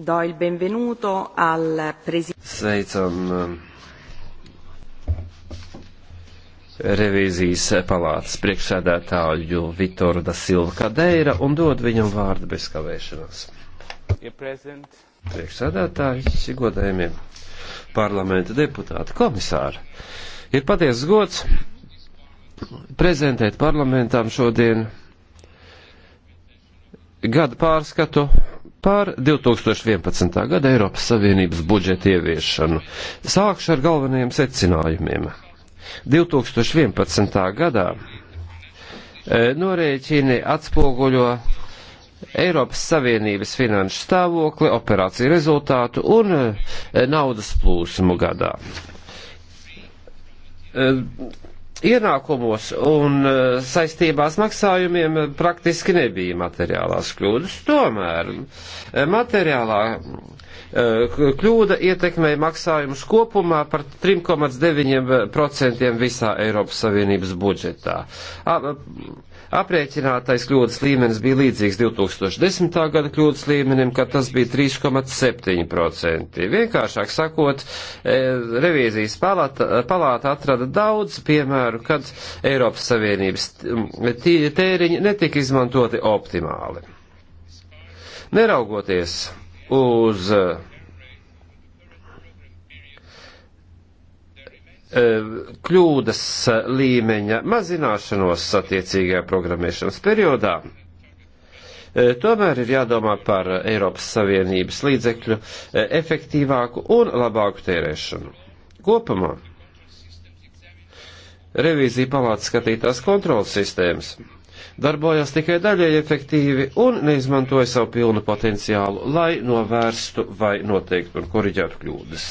Do il benvenuto al presidente. Um, revīzijas palātas priekšsēdētāju Vitoru da Silva Kadeira un dod viņam vārdu bez kavēšanās. Priekšsēdētājs, godējumie parlamenta deputāti, komisāri, ir patiesas gods prezentēt parlamentām šodien gada pārskatu par 2011. gada Eiropas Savienības budžeta ieviešanu. Sākšu ar galvenajiem secinājumiem. 2011. gadā e, norēķini atspoguļo Eiropas Savienības finanšu stāvokli, operāciju rezultātu un e, naudas plūsmu gadā e, ienākumos un eh, saistībās maksājumiem praktiski nebija materiālās kļūdas. Tomēr eh, materiālā eh, kļūda ietekmēja maksājumus kopumā par 3,9% visā Eiropas Savienības budžetā. Aprēķinātais kļūdas līmenis bija līdzīgs 2010. gada kļūdas līmenim, kad tas bija 3,7%. Vienkāršāk sakot, e, revīzijas palāta, palāta atrada daudz piemēru, kad Eiropas Savienības tēriņi netika izmantoti optimāli. Neraugoties uz uh, E, kļūdas līmeņa mazināšanos attiecīgajā programmēšanas periodā, e, tomēr ir jādomā par Eiropas Savienības līdzekļu e, efektīvāku un labāku tērēšanu. Kopumā revīzija palāca skatītās kontrolas sistēmas darbojās tikai daļai efektīvi un neizmantoja savu pilnu potenciālu, lai novērstu vai noteiktu un koriģētu kļūdas.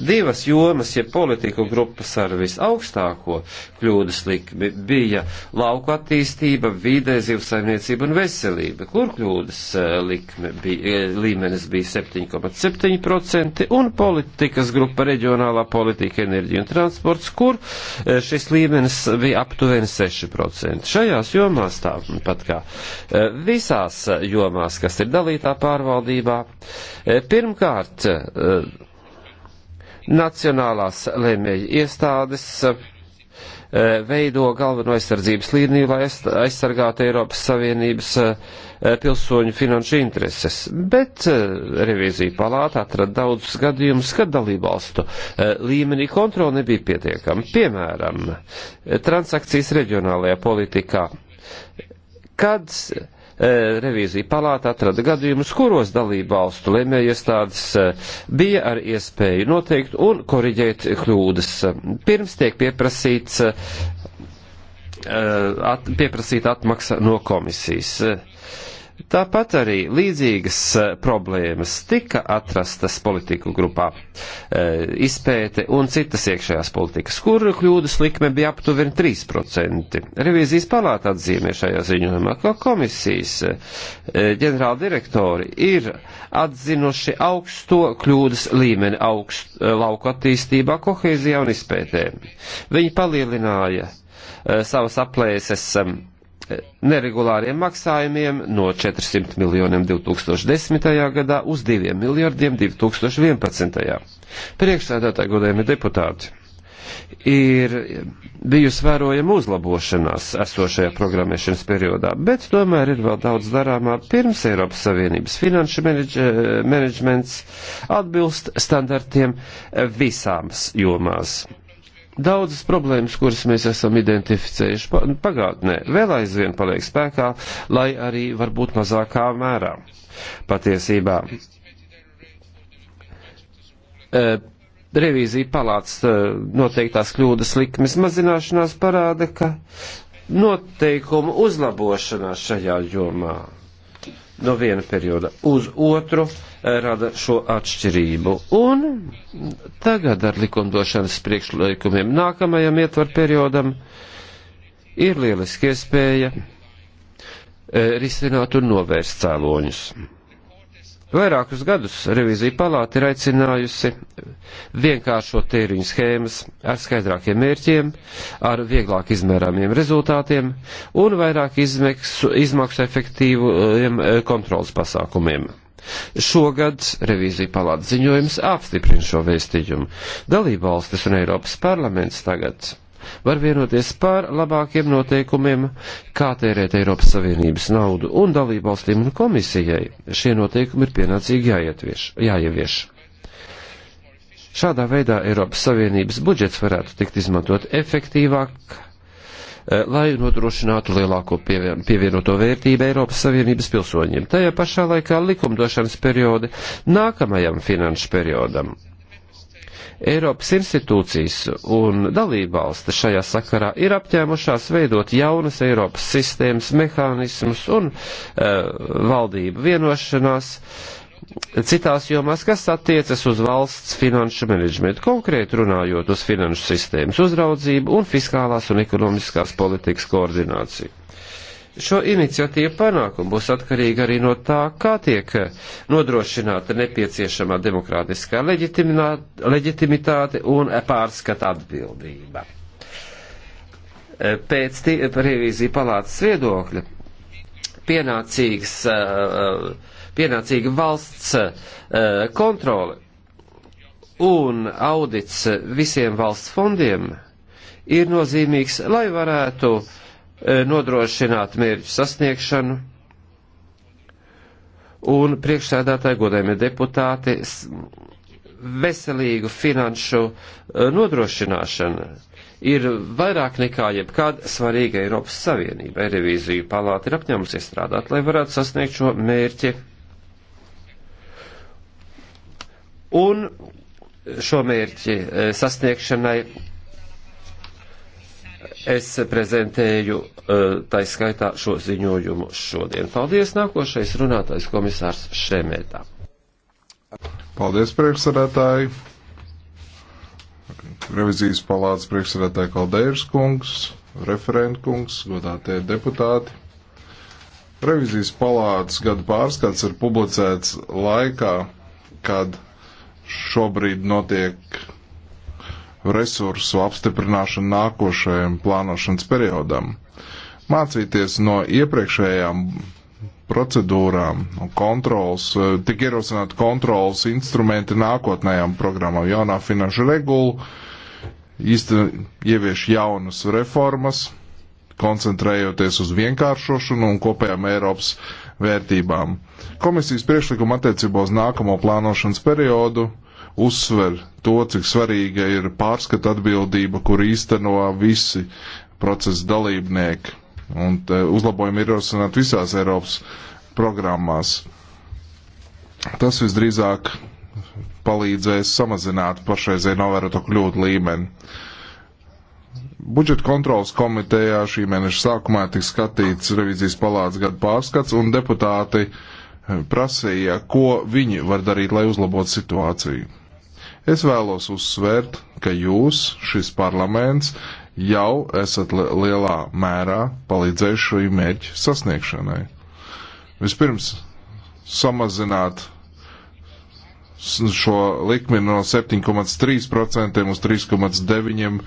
Divas jomas, ja politiku grupas ar visaugstāko kļūdas likmi bija lauku attīstība, vīdē, zivsaimniecība un veselība, kur kļūdas eh, likme bija, eh, līmenis bija 7,7% un politikas grupa reģionālā politika, enerģija un transports, kur eh, šis līmenis bija aptuveni 6%. Šajās jomās tāpat kā visās jomās, kas ir dalītā pārvaldībā, pirmkārt, Nacionālās lēmēja iestādes eh, veido galveno aizsardzības līniju, lai aizsargātu Eiropas Savienības eh, pilsoņu finanšu intereses. Bet eh, revīzija palāta atrada daudzus gadījumus, kad dalībvalstu līmenī kontrola nebija pietiekama. Piemēram, transakcijas reģionālajā politikā. Kad E, revīzija palāta atrada gadījumus, kuros dalību valstu lēmējiestādes e, bija ar iespēju noteikt un koriģēt kļūdas. Pirms tiek pieprasīts, e, at, pieprasīta atmaksa no komisijas. Tāpat arī līdzīgas e, problēmas tika atrastas politiku grupā e, izpēte un citas iekšējās politikas, kur kļūdas likme bija aptuveni 3%. Revīzijas palāta atzīmē šajā ziņojumā, ka komisijas e, ģenerāldirektori ir atzinuši augsto kļūdas līmeni augst, lauku attīstībā, kohēzijā un izpētē. Viņi palielināja savas aplēses neregulāriem maksājumiem no 400 miljoniem 2010. gadā uz 2 miljardiem 2011. Priekšsēdētāji godējumi deputāti ir bijusi vērojama uzlabošanās esošajā programmēšanas periodā, bet tomēr ir vēl daudz darāmā pirms Eiropas Savienības finanšu menedžments atbilst standartiem visām jomās. Daudzas problēmas, kuras mēs esam identificējuši pagātnē, vēl aizvien paliek spēkā, lai arī varbūt mazākā mērā. Patiesībā e, revīzija palāts e, noteiktās kļūdas likmes mazināšanās parāda, ka noteikumu uzlabošanās šajā jomā no viena perioda uz otru eh, rada šo atšķirību. Un tagad ar likumdošanas priekšlikumiem nākamajam ietvaru periodam ir lieliski iespēja eh, risināt un novērst cēloņus. Vairākus gadus revīzija palāta ir aicinājusi vienkāršo tēriņu schēmas ar skaidrākiem mērķiem, ar vieglāk izmērāmiem rezultātiem un vairāk izmeksu, izmaksu efektīviem eh, kontrolas pasākumiem. Šogad revīzija palāta ziņojums apstiprina šo vēstījumu. Dalībvalstis un Eiropas parlaments tagad var vienoties par labākiem noteikumiem, kā tērēt Eiropas Savienības naudu un dalībvalstīm un komisijai. Šie noteikumi ir pienācīgi jāietvieš, jāievieš. Šādā veidā Eiropas Savienības budžets varētu tikt izmantot efektīvāk, eh, lai nodrošinātu lielāko pievienoto vērtību Eiropas Savienības pilsoņiem. Tajā pašā laikā likumdošanas periodi nākamajam finanšu periodam Eiropas institūcijas un dalībvalsta šajā sakarā ir apņēmušās veidot jaunas Eiropas sistēmas, mehānismus un uh, valdību vienošanās citās jomās, kas attiecas uz valsts finanšu menedžmentu, konkrēti runājot uz finanšu sistēmas uzraudzību un fiskālās un ekonomiskās politikas koordināciju. Šo iniciatīvu panākumu būs atkarīga arī no tā, kā tiek nodrošināta nepieciešamā demokrātiskā leģitimitāte un pārskata atbildība. E, pēc revīzija palātas viedokļa pienācīgs, e, pienācīga valsts e, kontrole un audits visiem valsts fondiem ir nozīmīgs, lai varētu uh, E, nodrošināt mērķu sasniegšanu. Un priekšsēdētāji, godējumie deputāti, veselīgu finanšu e, nodrošināšana ir vairāk nekā jebkad svarīga Eiropas Savienībai. Revīziju palāta ir apņēmusies strādāt, lai varētu sasniegt šo mērķi. Un šo mērķi e, sasniegšanai Es prezentēju eh, taiskaitā šo ziņojumu šodien. Paldies, nākošais runātais komisārs Šemētā. Paldies, priekšsarētāji. Revizijas palātas priekšsarētāji Kaldeiras kungs, referentkungs, godātie deputāti. Revizijas palātas gada pārskats ir publicēts laikā, kad šobrīd notiek resursu apstiprināšanu nākošajam plānošanas periodam. Mācīties no iepriekšējām procedūrām un kontrols, eh, tik ierosināt kontrols instrumenti nākotnējām programmām, jaunā finanšu regula, īsti ievieš jaunas reformas, koncentrējoties uz vienkāršošanu un kopējām Eiropas vērtībām. Komisijas priekšlikuma attiecībā uz nākamo plānošanas periodu uzsver to, cik svarīga ir pārskata atbildība, kur īsteno visi procesa dalībnieki. Un e, uzlabojumi ir rosināt visās Eiropas programmās. Tas visdrīzāk palīdzēs samazināt pašreizēju novēroto kļūdu līmeni. Budžeta kontrolas komitejā šī mēneša sākumā tiks skatīts revizijas palātas gada pārskats, un deputāti e, prasīja, ko viņi var darīt, lai uzlabotu situāciju. Es vēlos uzsvērt, ka jūs, šis parlaments, jau esat li lielā mērā palīdzējuši šī mērķa sasniegšanai. Vispirms samazināt šo likmi no 7,3% uz 3,9%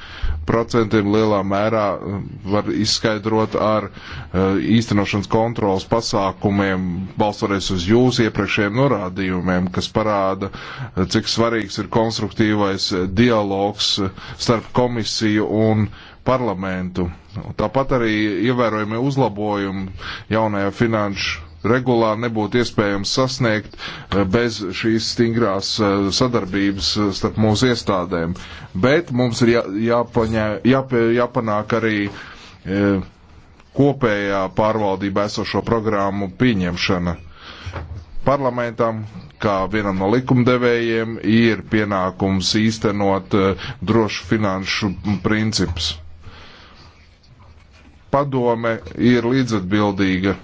lielā mērā um, var izskaidrot ar uh, īstenošanas kontrolas pasākumiem, balstoties uz jūsu iepriekšējiem norādījumiem, kas parāda, uh, cik svarīgs ir konstruktīvais uh, dialogs starp komisiju un parlamentu. Tāpat arī ievērojami uzlabojumi jaunajā finanšu regulāri nebūtu iespējams sasniegt eh, bez šīs stingrās eh, sadarbības eh, starp mūsu iestādēm. Bet mums ir jā, jāpaņē, jáp, jāpanāk arī e, kopējā pārvaldībā esošo programmu pieņemšana. Parlamentam, kā vienam no likumdevējiem, ir pienākums īstenot e, drošu finanšu principus. Padome ir līdzatbildīga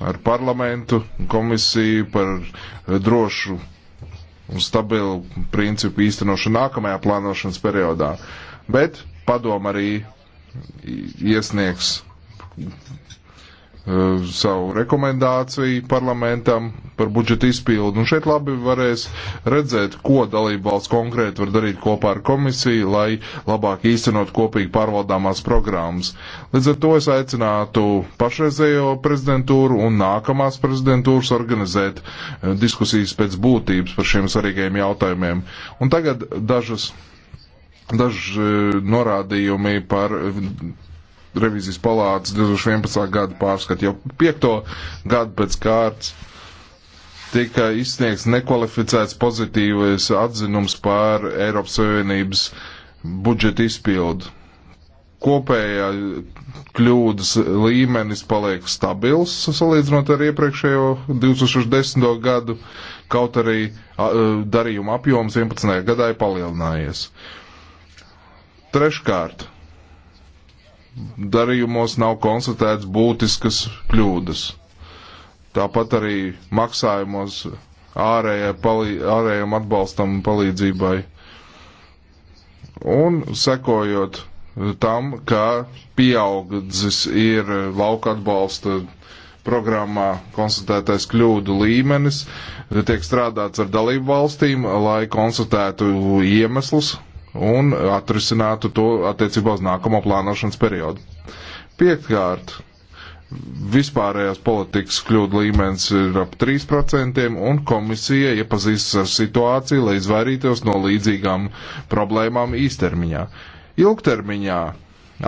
ar parlamentu un komisiju par drošu un stabilu principu īstenošanu nākamajā plānošanas periodā. Bet padom arī iesniegs Uh, savu rekomendāciju parlamentam par budžeta izpildu. Un šeit labi varēs redzēt, ko dalība valsts konkrēti var darīt kopā ar komisiju, lai labāk īstenot kopīgi pārvaldāmās programmas. Līdz ar to es aicinātu pašreizējo prezidentūru un nākamās prezidentūras organizēt uh, diskusijas pēc būtības par šiem svarīgajiem jautājumiem. Un tagad dažas, daži uh, norādījumi par revizijas palātas 2011. gada pārskatu. Jau piekto gadu pēc kārtas tika izsniegts nekvalificēts pozitīvais atzinums par Eiropas Savienības budžeta izpildu. Kopējā kļūdas līmenis paliek stabils, salīdzinot ar iepriekšējo 2010. gadu, kaut arī e, darījuma apjoms 11. gadā ir palielinājies. Treškārt, darījumos nav konstatēts būtiskas kļūdas. Tāpat arī maksājumos ārējai palī, ārējam atbalstam palīdzībai. Un sekojot tam, ka pieaugdzis ir lauka atbalsta programmā konstatētais kļūdu līmenis, tiek strādāts ar dalību valstīm, lai konstatētu iemeslus, un atrisinātu to attiecībā uz nākamo plānošanas periodu. Piektkārt, vispārējās politikas kļūda līmenis ir ap 3%, un komisija iepazīstas ar situāciju, lai izvairītos no līdzīgām problēmām īstermiņā. Ilgtermiņā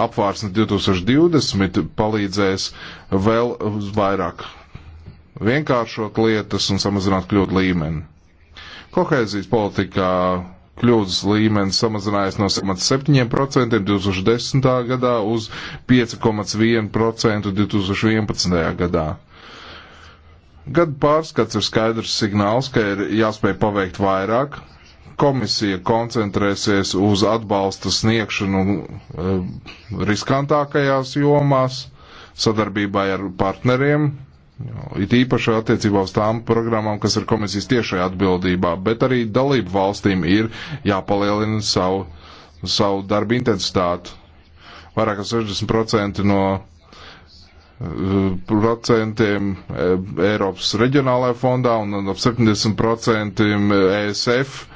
apvārsne 2020 palīdzēs vēl vairāk vienkāršot lietas un samazināt kļūdu līmeni. Kohēzijas politikā kļūdas līmenis samazinājies no 7,7% 2010. gadā uz 5,1% 2011. gadā. Gadu pārskats ir skaidrs signāls, ka ir jāspēj paveikt vairāk. Komisija koncentrēsies uz atbalsta sniegšanu eh, riskantākajās jomās, sadarbībā ar partneriem, It īpaši attiecībā uz tām programmām, kas ir komisijas tiešajā atbildībā, bet arī dalību valstīm ir jāpalielina savu, savu darbu intensitāti. Vairāk kā 60% no eh, procentiem eh, Eiropas reģionālajā fondā un ap 70% ESF eh,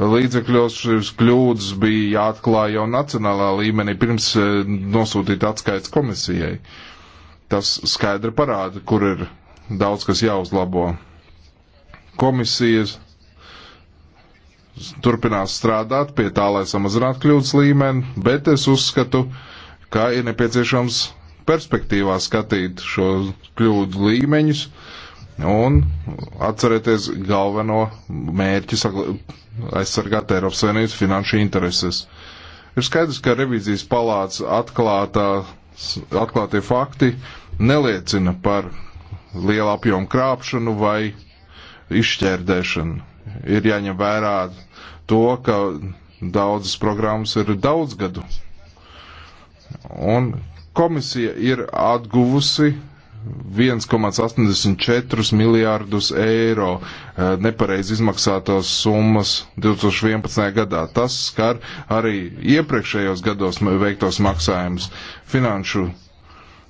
e līdzekļos šīs kļūdas bija jāatklāj jau nacionālā līmenī pirms nosūtīt atskaits komisijai. Uh, Tas skaidri parāda, kur ir daudz kas jāuzlabo. Komisijas turpinās strādāt pie tā, lai samazinātu kļūdas līmeni, bet es uzskatu, ka ir nepieciešams perspektīvā skatīt šo kļūdu līmeņus un atcerēties galveno mērķi aizsargāt Eiropas Savienības finanšu intereses. Ir skaidrs, ka revīzijas palāca atklātā atklātie fakti neliecina par lielu apjomu krāpšanu vai izšķērdēšanu. Ir jāņem vērā to, ka daudzas programmas ir daudz gadu. Un komisija ir atguvusi 1,84 miljārdus eiro eh, nepareiz izmaksātās summas 2011. gadā. Tas skar arī iepriekšējos gados veiktos maksājumus finanšu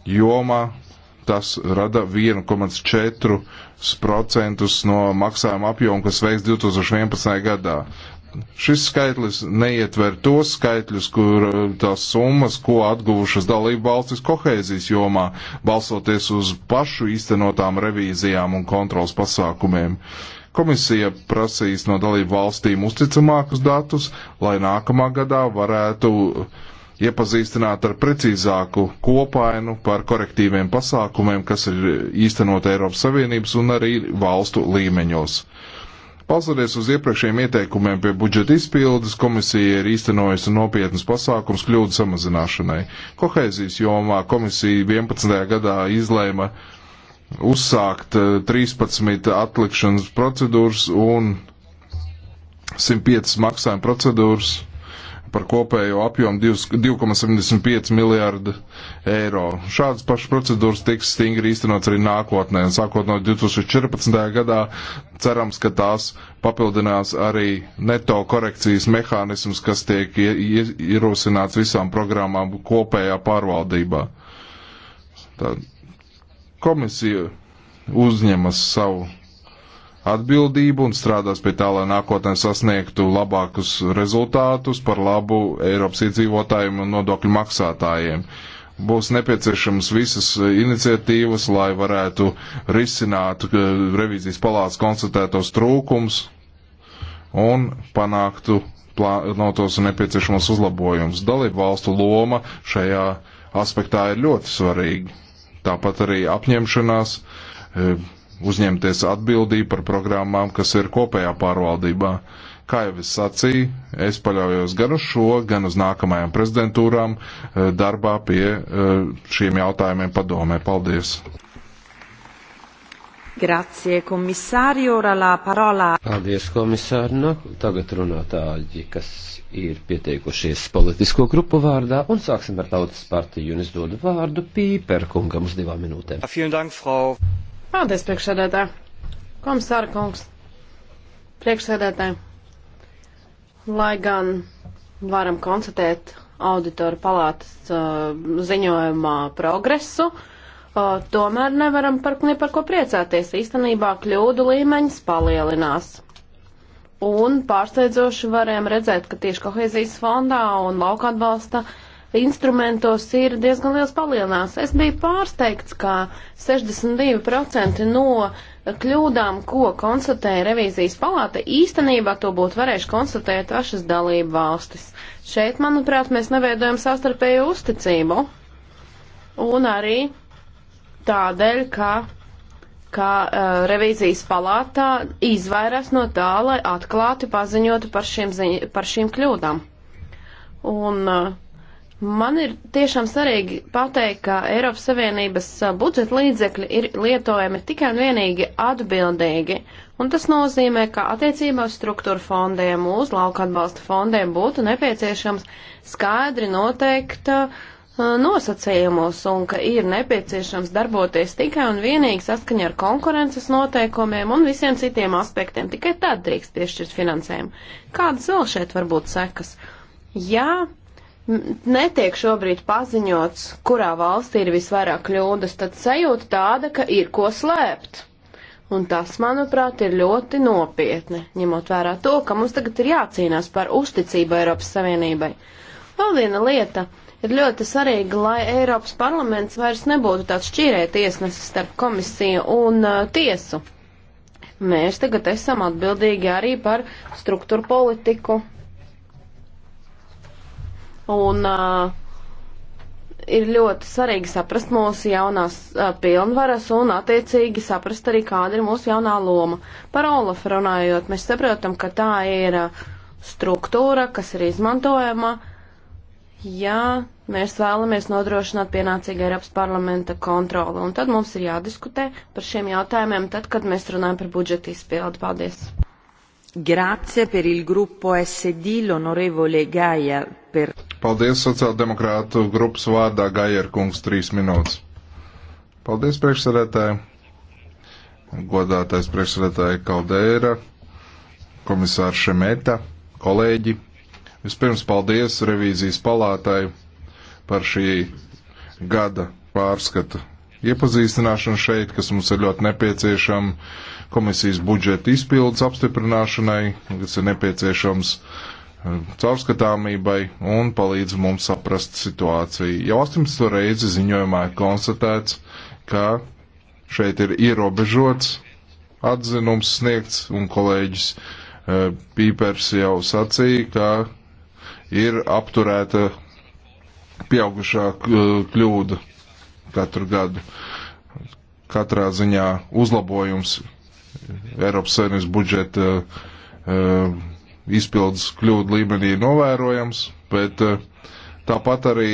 jomā. Tas rada 1,4% no maksājuma apjoma, kas veiks 2011. gadā. Šis skaitlis neietver tos skaitļus, kur eh, tās summas, ko atguvušas dalību valstis kohēzijas jomā, balsoties uz pašu īstenotām revīzijām un kontrols pasākumiem. Komisija prasīs no dalību valstīm uzticamākus datus, lai nākamā gadā varētu iepazīstināt ar precīzāku kopainu par korektīviem pasākumiem, kas ir īstenot Eiropas Savienības un arī valstu līmeņos. Balstoties uz iepriekšējiem ieteikumiem pie budžeta izpildes, komisija ir īstenojusi nopietnas pasākums kļūdu samazināšanai. Kohēzijas jomā komisija 11. gadā izlēma uzsākt 13 eh, atlikšanas procedūras un 105 maksājuma procedūras par kopējo apjomu 2,75 miljārdu eiro. Šādas pašas procedūras tiks stingri īstenots arī nākotnē. Sākot no 2014. gadā cerams, ka tās papildinās arī neto korekcijas mehānisms, kas tiek ierosināts visām programmām kopējā pārvaldībā. Tā komisija uzņemas savu atbildību un strādās pie tā, lai nākotnē sasniegtu labākus rezultātus par labu Eiropas iedzīvotājiem un nodokļu maksātājiem. Būs nepieciešams visas iniciatīvas, lai varētu risināt revīzijas palāca konstatētos trūkums un panāktu plānotos nepieciešamos uzlabojumus. Dalību valstu loma šajā aspektā ir ļoti svarīga. Tāpat arī apņemšanās eh, uzņemties atbildību par programmām, kas ir kopējā pārvaldībā. Kā jau es sacīju, es paļaujos gan uz šo, gan uz nākamajām prezidentūrām eh, darbā pie eh, šiem jautājumiem padomē. Paldies! Grazie, komisāri, ora la parola. Paldies, komisāri. Nu, tagad runātāji, kas ir pieteikušies politisko grupu vārdā, un sāksim ar tautas partiju, un es dodu vārdu Pīperkungam uz divām minūtēm. Dank, Frau... Paldies, priekšsēdētā. Komisāra kungs, priekšsēdētāji, lai gan varam konstatēt auditoru palātas uh, ziņojumā progresu, uh, tomēr nevaram par, ne par ko priecāties. Īstenībā kļūdu līmeņas palielinās. Un pārsteidzoši varējām redzēt, ka tieši kohēzijas fondā un lauka atbalsta uh, instrumentos ir diezgan liels palielinās. Es biju pārsteigts, ka 62% no kļūdām, ko konstatēja revīzijas palāta, īstenībā to būtu varējuši konstatēt pašas dalību valstis. Šeit, manuprāt, mēs neveidojam savstarpēju uzticību. Un arī tādēļ, ka, ka uh, revīzijas palātā izvairās no tā, lai atklāti paziņotu par šīm, ziņ, par šīm kļūdām. Un uh, Man ir tiešām svarīgi pateikt, ka Eiropas Savienības budžeta līdzekļi ir lietojami tikai un vienīgi atbildīgi, un tas nozīmē, ka attiecībā uz struktūra fondiem, uz lauka atbalsta fondiem būtu nepieciešams skaidri noteikt nosacījumus, un ka ir nepieciešams darboties tikai un vienīgi saskaņā ar konkurences noteikumiem un visiem citiem aspektiem. Tikai tad drīkst piešķirt finansējumu. Kādas vēl šeit var būt sekas? Jā, ja netiek šobrīd paziņots, kurā valstī ir visvairāk kļūdas, tad sajūta tāda, ka ir ko slēpt. Un tas, manuprāt, ir ļoti nopietni, ņemot vērā to, ka mums tagad ir jācīnās par uzticību Eiropas Savienībai. Vēl viena lieta ir ļoti svarīga, lai Eiropas parlaments vairs nebūtu tāds šķīrē tiesnesis starp komisiju un uh, tiesu. Mēs tagad esam atbildīgi arī par struktūru politiku, Un uh, ir ļoti svarīgi saprast mūsu jaunās uh, pilnvaras un attiecīgi saprast arī, kāda ir mūsu jaunā loma. Par Olafu runājot, mēs saprotam, ka tā ir uh, struktūra, kas ir izmantojama, ja mēs vēlamies nodrošināt pienācīgu Eiropas parlamenta kontroli. Un tad mums ir jādiskutē par šiem jautājumiem, tad, kad mēs runājam par budžeta izpildu. Paldies! Grazie per il gruppo SD, l'onorevole Gaia. Per... Paldies sociāldemokrātu grupas vārdā Gajer kungs trīs minūtes. Paldies priekšsarētāji, godātais priekšsarētāji Kaldeira, komisārs Šemeta, kolēģi. Vispirms paldies revīzijas palātai par šī gada pārskatu iepazīstināšanu šeit, kas mums ir ļoti nepieciešama komisijas budžeta izpildes apstiprināšanai, kas ir nepieciešams eh, caurskatāmībai un palīdz mums saprast situāciju. Jau 18 reizi ziņojumā ir konstatēts, ka šeit ir ierobežots atzinums sniegts, un kolēģis eh, Pīpers jau sacīja, ka ir apturēta pieaugušā eh, kļūda katru gadu. Katrā ziņā uzlabojums Eiropas Savienības budžeta uh, izpildes kļūdu līmenī ir novērojams, bet uh, tāpat arī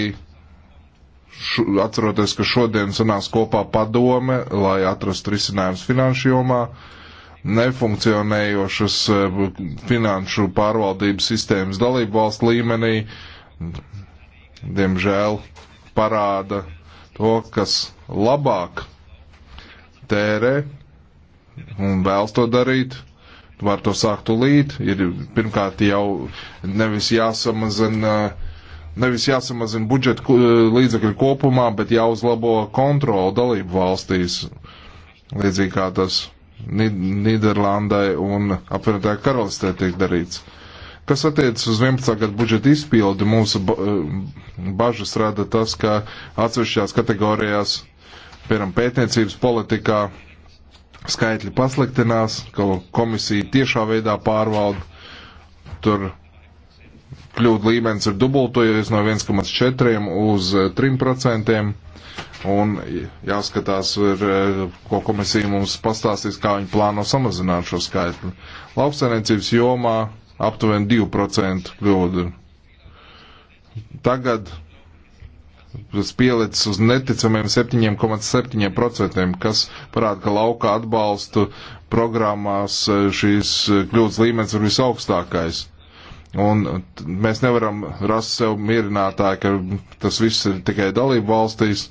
šu, atceroties, ka šodien sanās kopā padome, lai atrastu risinājums finanšu jomā, nefunkcionējošas uh, finanšu pārvaldības sistēmas dalību valstu līmenī, diemžēl parāda to, kas labāk tērē un vēlas to darīt, var to sākt tūlīt. Ir pirmkārt jau nevis jāsamazina. Nevis jāsamazina budžeta eh, līdzekļu kopumā, bet jāuzlabo kontroli dalību valstīs, līdzīgi kā tas Nīderlandai un apvienotāju karalistē tiek darīts. Uh, Kas attiecas uz 11. gadu budžeta izpildi, mūsu eh, bažas rada tas, ka atsevišķās kategorijās, piemēram, pētniecības politikā, skaitļi pasliktinās, ka komisija tiešā veidā pārvalda. Tur kļūda līmenis ir dubultojies no 1,4 uz 3%. Eh, Un jāskatās, ir, eh, ko komisija mums pastāstīs, kā viņi plāno samazināt šo skaitli. Lauksainiecības jomā aptuveni 2% kļūdu. Tagad tas pielicis uz neticamiem 7,7%, kas parāda, ka lauka atbalstu programmās e, šīs e, kļūdas līmenis ir visaugstākais. Un mēs nevaram rast sev mierinātāju, ka tas viss ir tikai dalību valstīs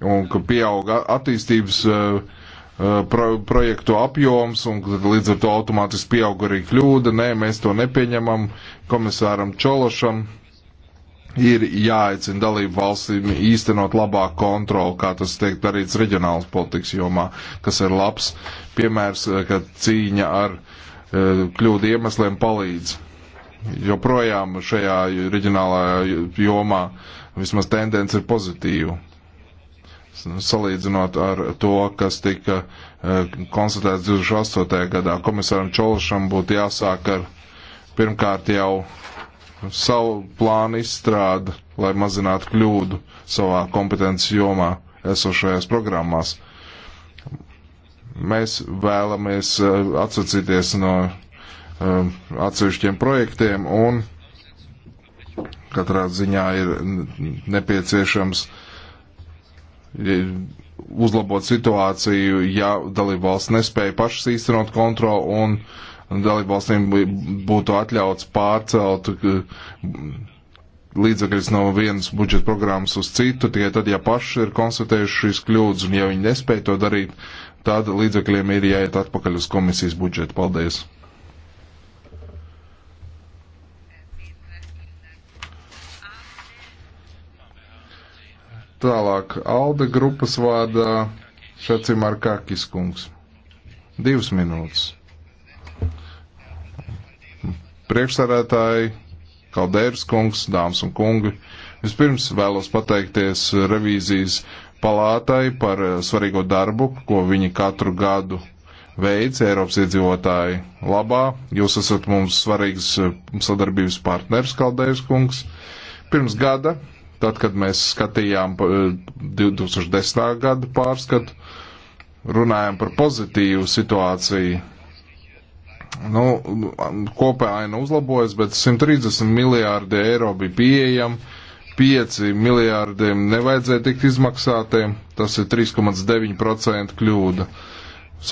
un ka pieauga attīstības uh, Eh, pro, projektu apjoms un līdz ar to automātiski pieaug arī kļūda. Nē, mēs to nepieņemam komisāram Čološam. Ir jāaicina dalību valstīm īstenot labāku kontroli, kā tas tiek darīts reģionālas politikas jomā, kas ir labs piemērs, eh, ka cīņa ar eh, kļūdu iemesliem palīdz. Joprojām šajā reģionālajā jomā vismaz tendence ir pozitīva salīdzinot ar to, kas tika eh, konstatēts 2008. gadā. Komisāram Čološam būtu jāsāk ar pirmkārt jau savu plānu izstrādi, lai mazinātu kļūdu savā kompetences jomā esošajās programmās. Mēs vēlamies eh, atsacīties no eh, atsevišķiem projektiem un katrā ziņā ir nepieciešams uh, uzlabot situāciju, ja dalībvalsts nespēja pašas īstenot kontroli un dalībvalstīm būtu atļauts pārcelt uh, līdzekļus no vienas budžeta programmas uz citu, tikai tad, ja paši ir konstatējuši šīs kļūdas un ja viņi nespēja to darīt, tad līdzekļiem ir jāiet atpakaļ uz komisijas budžetu. Paldies! Tālāk Alde grupas vārdā Šacim Arkakis kungs. Divas minūtes. Priekšsarētāji, Kaldērs kungs, dāmas un kungi. Vispirms vēlos pateikties revīzijas palātai par eh, svarīgo darbu, ko viņi katru gadu veids Eiropas iedzīvotāju labā. Jūs esat mums svarīgs eh, sadarbības partners, Kaldērs kungs. Pirms gada Tad, kad mēs skatījām 2010. Eh, gadu pārskatu, runājām par pozitīvu situāciju. Nu, kopējā aina uzlabojas, bet 130 miljārdi eiro bija pieejami, 5 miljārdiem nevajadzēja tikt izmaksātiem, tas ir 3,9% kļūda.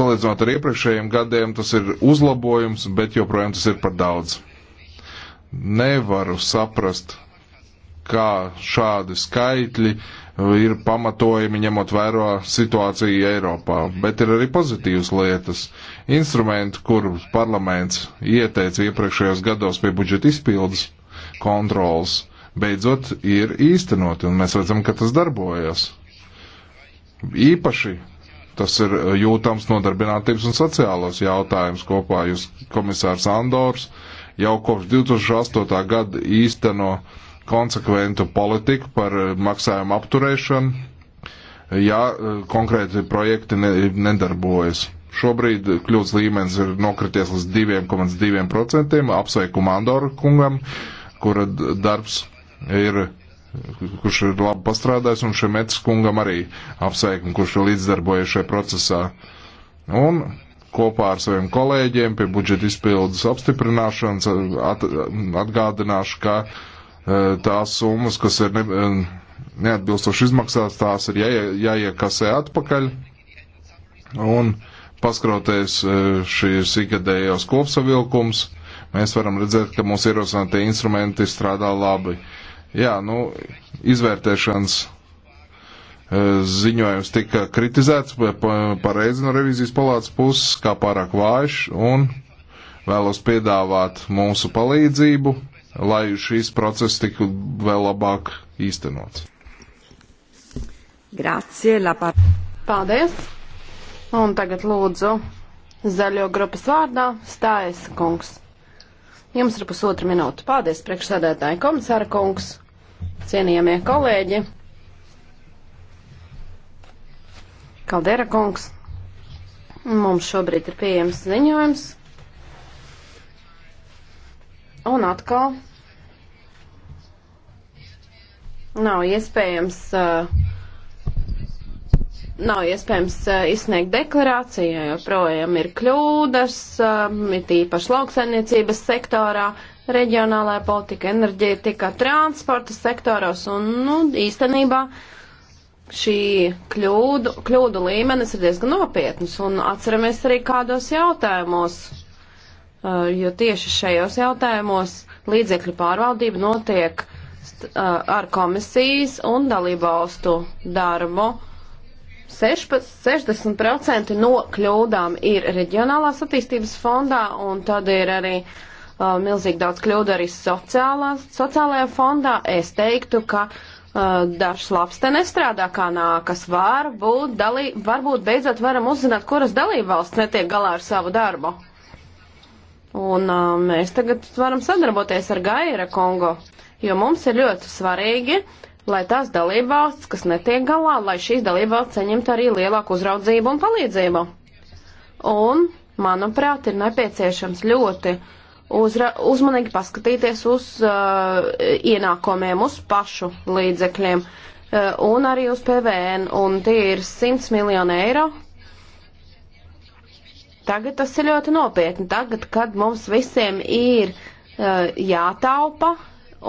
Salīdzinot ar iepriekšējiem gadiem, tas ir uzlabojums, bet joprojām tas ir par daudz. Nevaru saprast, kā šādi skaitļi ir pamatojami ņemot vērā situāciju Eiropā. Bet ir arī pozitīvas lietas. Instrumenti, kurus parlaments ieteica iepriekšējos gados pie budžeta izpildes kontrols, beidzot ir īstenoti, un mēs redzam, ka tas darbojas. Īpaši tas ir jūtams nodarbinātības un sociālos jautājums kopā. Jūs komisārs Andors jau kopš 2008. gada īsteno uh, konsekventu politiku par eh, maksājumu apturēšanu, ja eh, konkrēti projekti ne, nedarbojas. Šobrīd kļūdas līmenis ir nokrities līdz 2,2%. Apsveiku Mandoru kungam, kura darbs ir kurš ir labi pastrādājis, un šiem metas kungam arī apsveikumu, kurš ir līdzdarbojies šajā procesā. Un kopā ar saviem kolēģiem pie budžeta izpildes apstiprināšanas eh, at, atgādināšu, ka Eh, tās summas, kas ir ne, eh, neatbilstoši izmaksāts, tās ir jāie, jāiekasē atpakaļ. Un paskroties eh, šīs ikgadējos kopsavilkums, mēs varam redzēt, ka mūsu ierosinātie instrumenti strādā labi. Jā, nu, izvērtēšanas ziņojums tika kritizēts pareizi no revizijas palātas puses, kā pārāk vājš, un vēlos piedāvāt mūsu palīdzību lai šīs process tiktu vēl labāk īstenots. Grazie, labāk. Paldies! Un tagad lūdzu zaļo grupas vārdā stājas kungs. Jums ir pusotra minūte. Paldies, priekšsēdētāji komisāra kungs, cienījamie kolēģi, Kaldera kungs. Mums šobrīd ir pieejams ziņojums Un atkal nav iespējams, uh, nav iespējams uh, izsniegt deklarāciju, jo projām ir kļūdas, uh, ir tīpaši lauksainiecības sektorā, reģionālajā politika, enerģētika, transporta sektoros un nu, īstenībā šī kļūdu, kļūdu līmenis ir diezgan nopietnas un atceramies arī kādos jautājumos Eh, jo tieši šajos jautājumos līdzekļu pārvaldība notiek eh, ar komisijas un dalībvalstu darbu. 60% no kļūdām ir reģionālās attīstības fondā, un tad ir arī uh, milzīgi daudz kļūdu arī sociālā, sociālajā fondā. Es teiktu, ka uh, dažs labs te nestrādā kā nākas. Varbūt, dalī, varbūt beidzot varam uzzināt, kuras dalībvalsts netiek galā ar savu darbu. Un uh, mēs tagad varam sadarboties ar Gaira Kongo, jo mums ir ļoti svarīgi, lai tās dalībvalsts, kas netiek galā, lai šīs dalībvalsts saņemtu arī lielāku uzraudzību un palīdzību. Un, manuprāt, ir nepieciešams ļoti uzra, uzmanīgi paskatīties uz uh, ienākumiem, uz pašu līdzekļiem uh, un arī uz PVN. Un tie ir 100 miljoni eiro, Tagad tas ir ļoti nopietni. Tagad, kad mums visiem ir uh, jātaupa,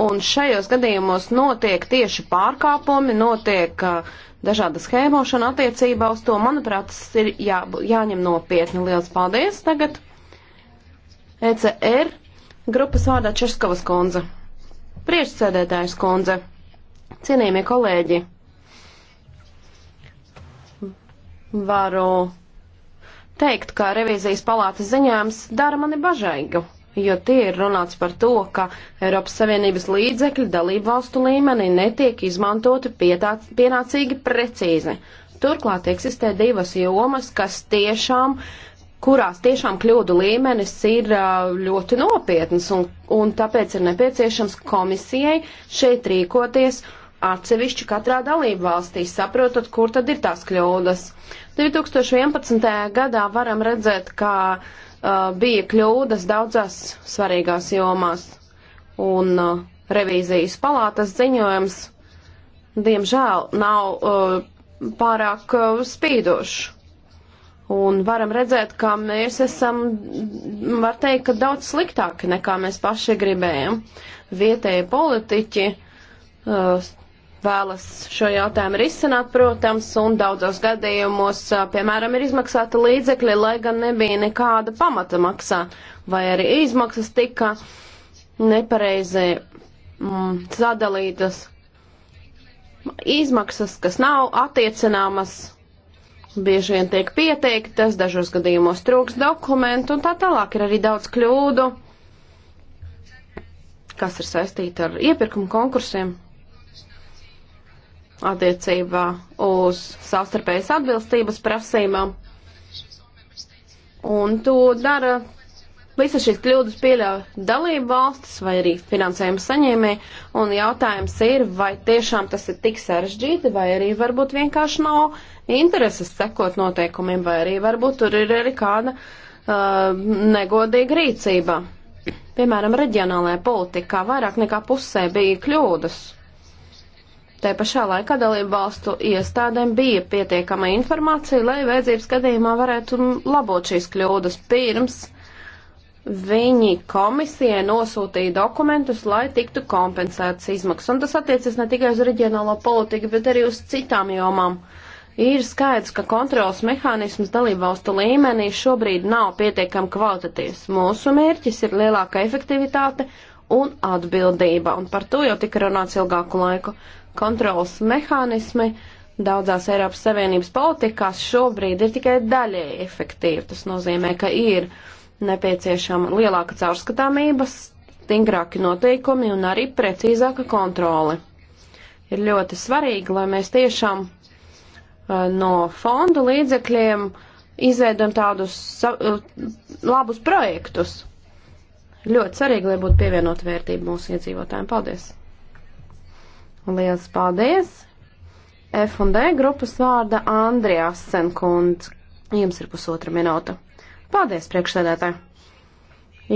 un šajos gadījumos notiek tieši pārkāpumi, notiek uh, dažāda schēmošana attiecībā uz to, manuprāt, tas ir jā, jāņem nopietni. Liels paldies tagad. ECR grupas vārdā Českavas kundze. Priekšsēdētājs kundze. Cienījamie kolēģi. Varu teikt, ka revīzijas palātas ziņojums dara mani bažaigu, jo tie ir runāts par to, ka Eiropas Savienības līdzekļi dalību valstu līmenī netiek izmantoti pietāc, pienācīgi precīzi. Turklāt eksistē divas jomas, kas tiešām kurās tiešām kļūdu līmenis ir ļoti nopietns, un, un tāpēc ir nepieciešams komisijai šeit rīkoties atsevišķi katrā dalību valstī, saprotot, kur tad ir tās kļūdas. 2011. gadā varam redzēt, ka uh, bija kļūdas daudzās svarīgās jomās, un uh, revīzijas palātas ziņojums, diemžēl, nav uh, pārāk uh, spīdošs. Un varam redzēt, ka mēs esam, var teikt, ka daudz sliktāki nekā mēs paši gribējam. Vietēji politiķi uh, vēlas šo jautājumu risināt, protams, un daudzos gadījumos, piemēram, ir izmaksāta līdzekļi, lai gan nebija nekāda pamata maksā, vai arī izmaksas tika nepareizi mm, sadalītas. Izmaksas, kas nav attiecināmas, bieži vien tiek pieteiktas, dažos gadījumos trūks dokumentu un tā tālāk ir arī daudz kļūdu, kas ir saistīti ar iepirkumu konkursiem attiecībā uz savstarpējas atbilstības prasībām. Un to dara visas šīs kļūdas pieļauj dalību valstis vai arī finansējuma saņēmē, un jautājums ir, vai tiešām tas ir tik sarežģīti, vai arī varbūt vienkārši nav intereses sekot noteikumiem, vai arī varbūt tur ir arī kāda uh, negodīga rīcība. Piemēram, reģionālajā politikā vairāk nekā pusē bija kļūdas. Te pašā laikā dalību valstu iestādēm bija pietiekama informācija, lai vajadzības gadījumā varētu labot šīs kļūdas pirms viņi komisijai nosūtīja dokumentus, lai tiktu kompensētas izmaksas. Un tas attiecas ne tikai uz reģionālo politiku, bet arī uz citām jomām. Ir skaidrs, ka kontrols mehānisms dalībvalstu līmenī šobrīd nav pietiekami kvalitatīvs. Mūsu mērķis ir lielāka efektivitāte un atbildība, un par to jau tika runāts ilgāku laiku kontrolas mehānismi daudzās Eiropas Savienības politikās šobrīd ir tikai daļēji efektīvi. Tas nozīmē, ka ir nepieciešama lielāka caurskatāmība, stingrāki noteikumi un arī precīzāka kontrole. Ir ļoti svarīgi, lai mēs tiešām eh, no fondu līdzekļiem izveidojam tādus eh, labus projektus. Ļoti svarīgi, lai būtu pievienot vērtību mūsu iedzīvotājiem. Paldies! Liels paldies! F un D grupas vārda Andrijas Senkundz. Jums ir pusotra minūte. Paldies, priekšsēdētāji!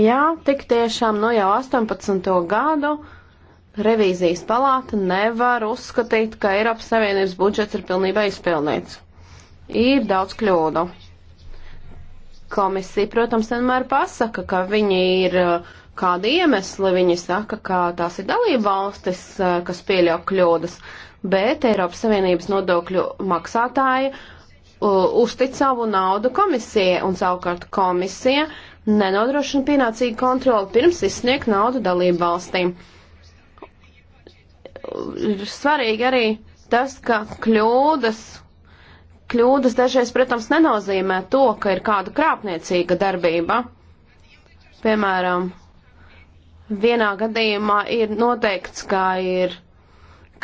Jā, tik tiešām no nu, jau 18. gadu revīzijas palāta nevar uzskatīt, ka Eiropas Savienības budžets ir pilnībā izpilnīts. Ir daudz kļūdu. Komisija, protams, vienmēr pasaka, ka viņi ir uh, kādi iemesli. Viņi saka, ka tās ir dalība valstis, eh, kas pieļauj kļūdas, bet Eiropas Savienības nodokļu maksātāji uztic savu naudu komisijai, un savukārt komisija nenodrošina pienācīgu kontroli pirms izsniegt naudu dalību valstīm. Ir svarīgi arī tas, ka kļūdas, kļūdas dažreiz, protams, nenozīmē to, ka ir kāda krāpniecīga darbība. Piemēram, Vienā gadījumā ir noteikts, ka ir,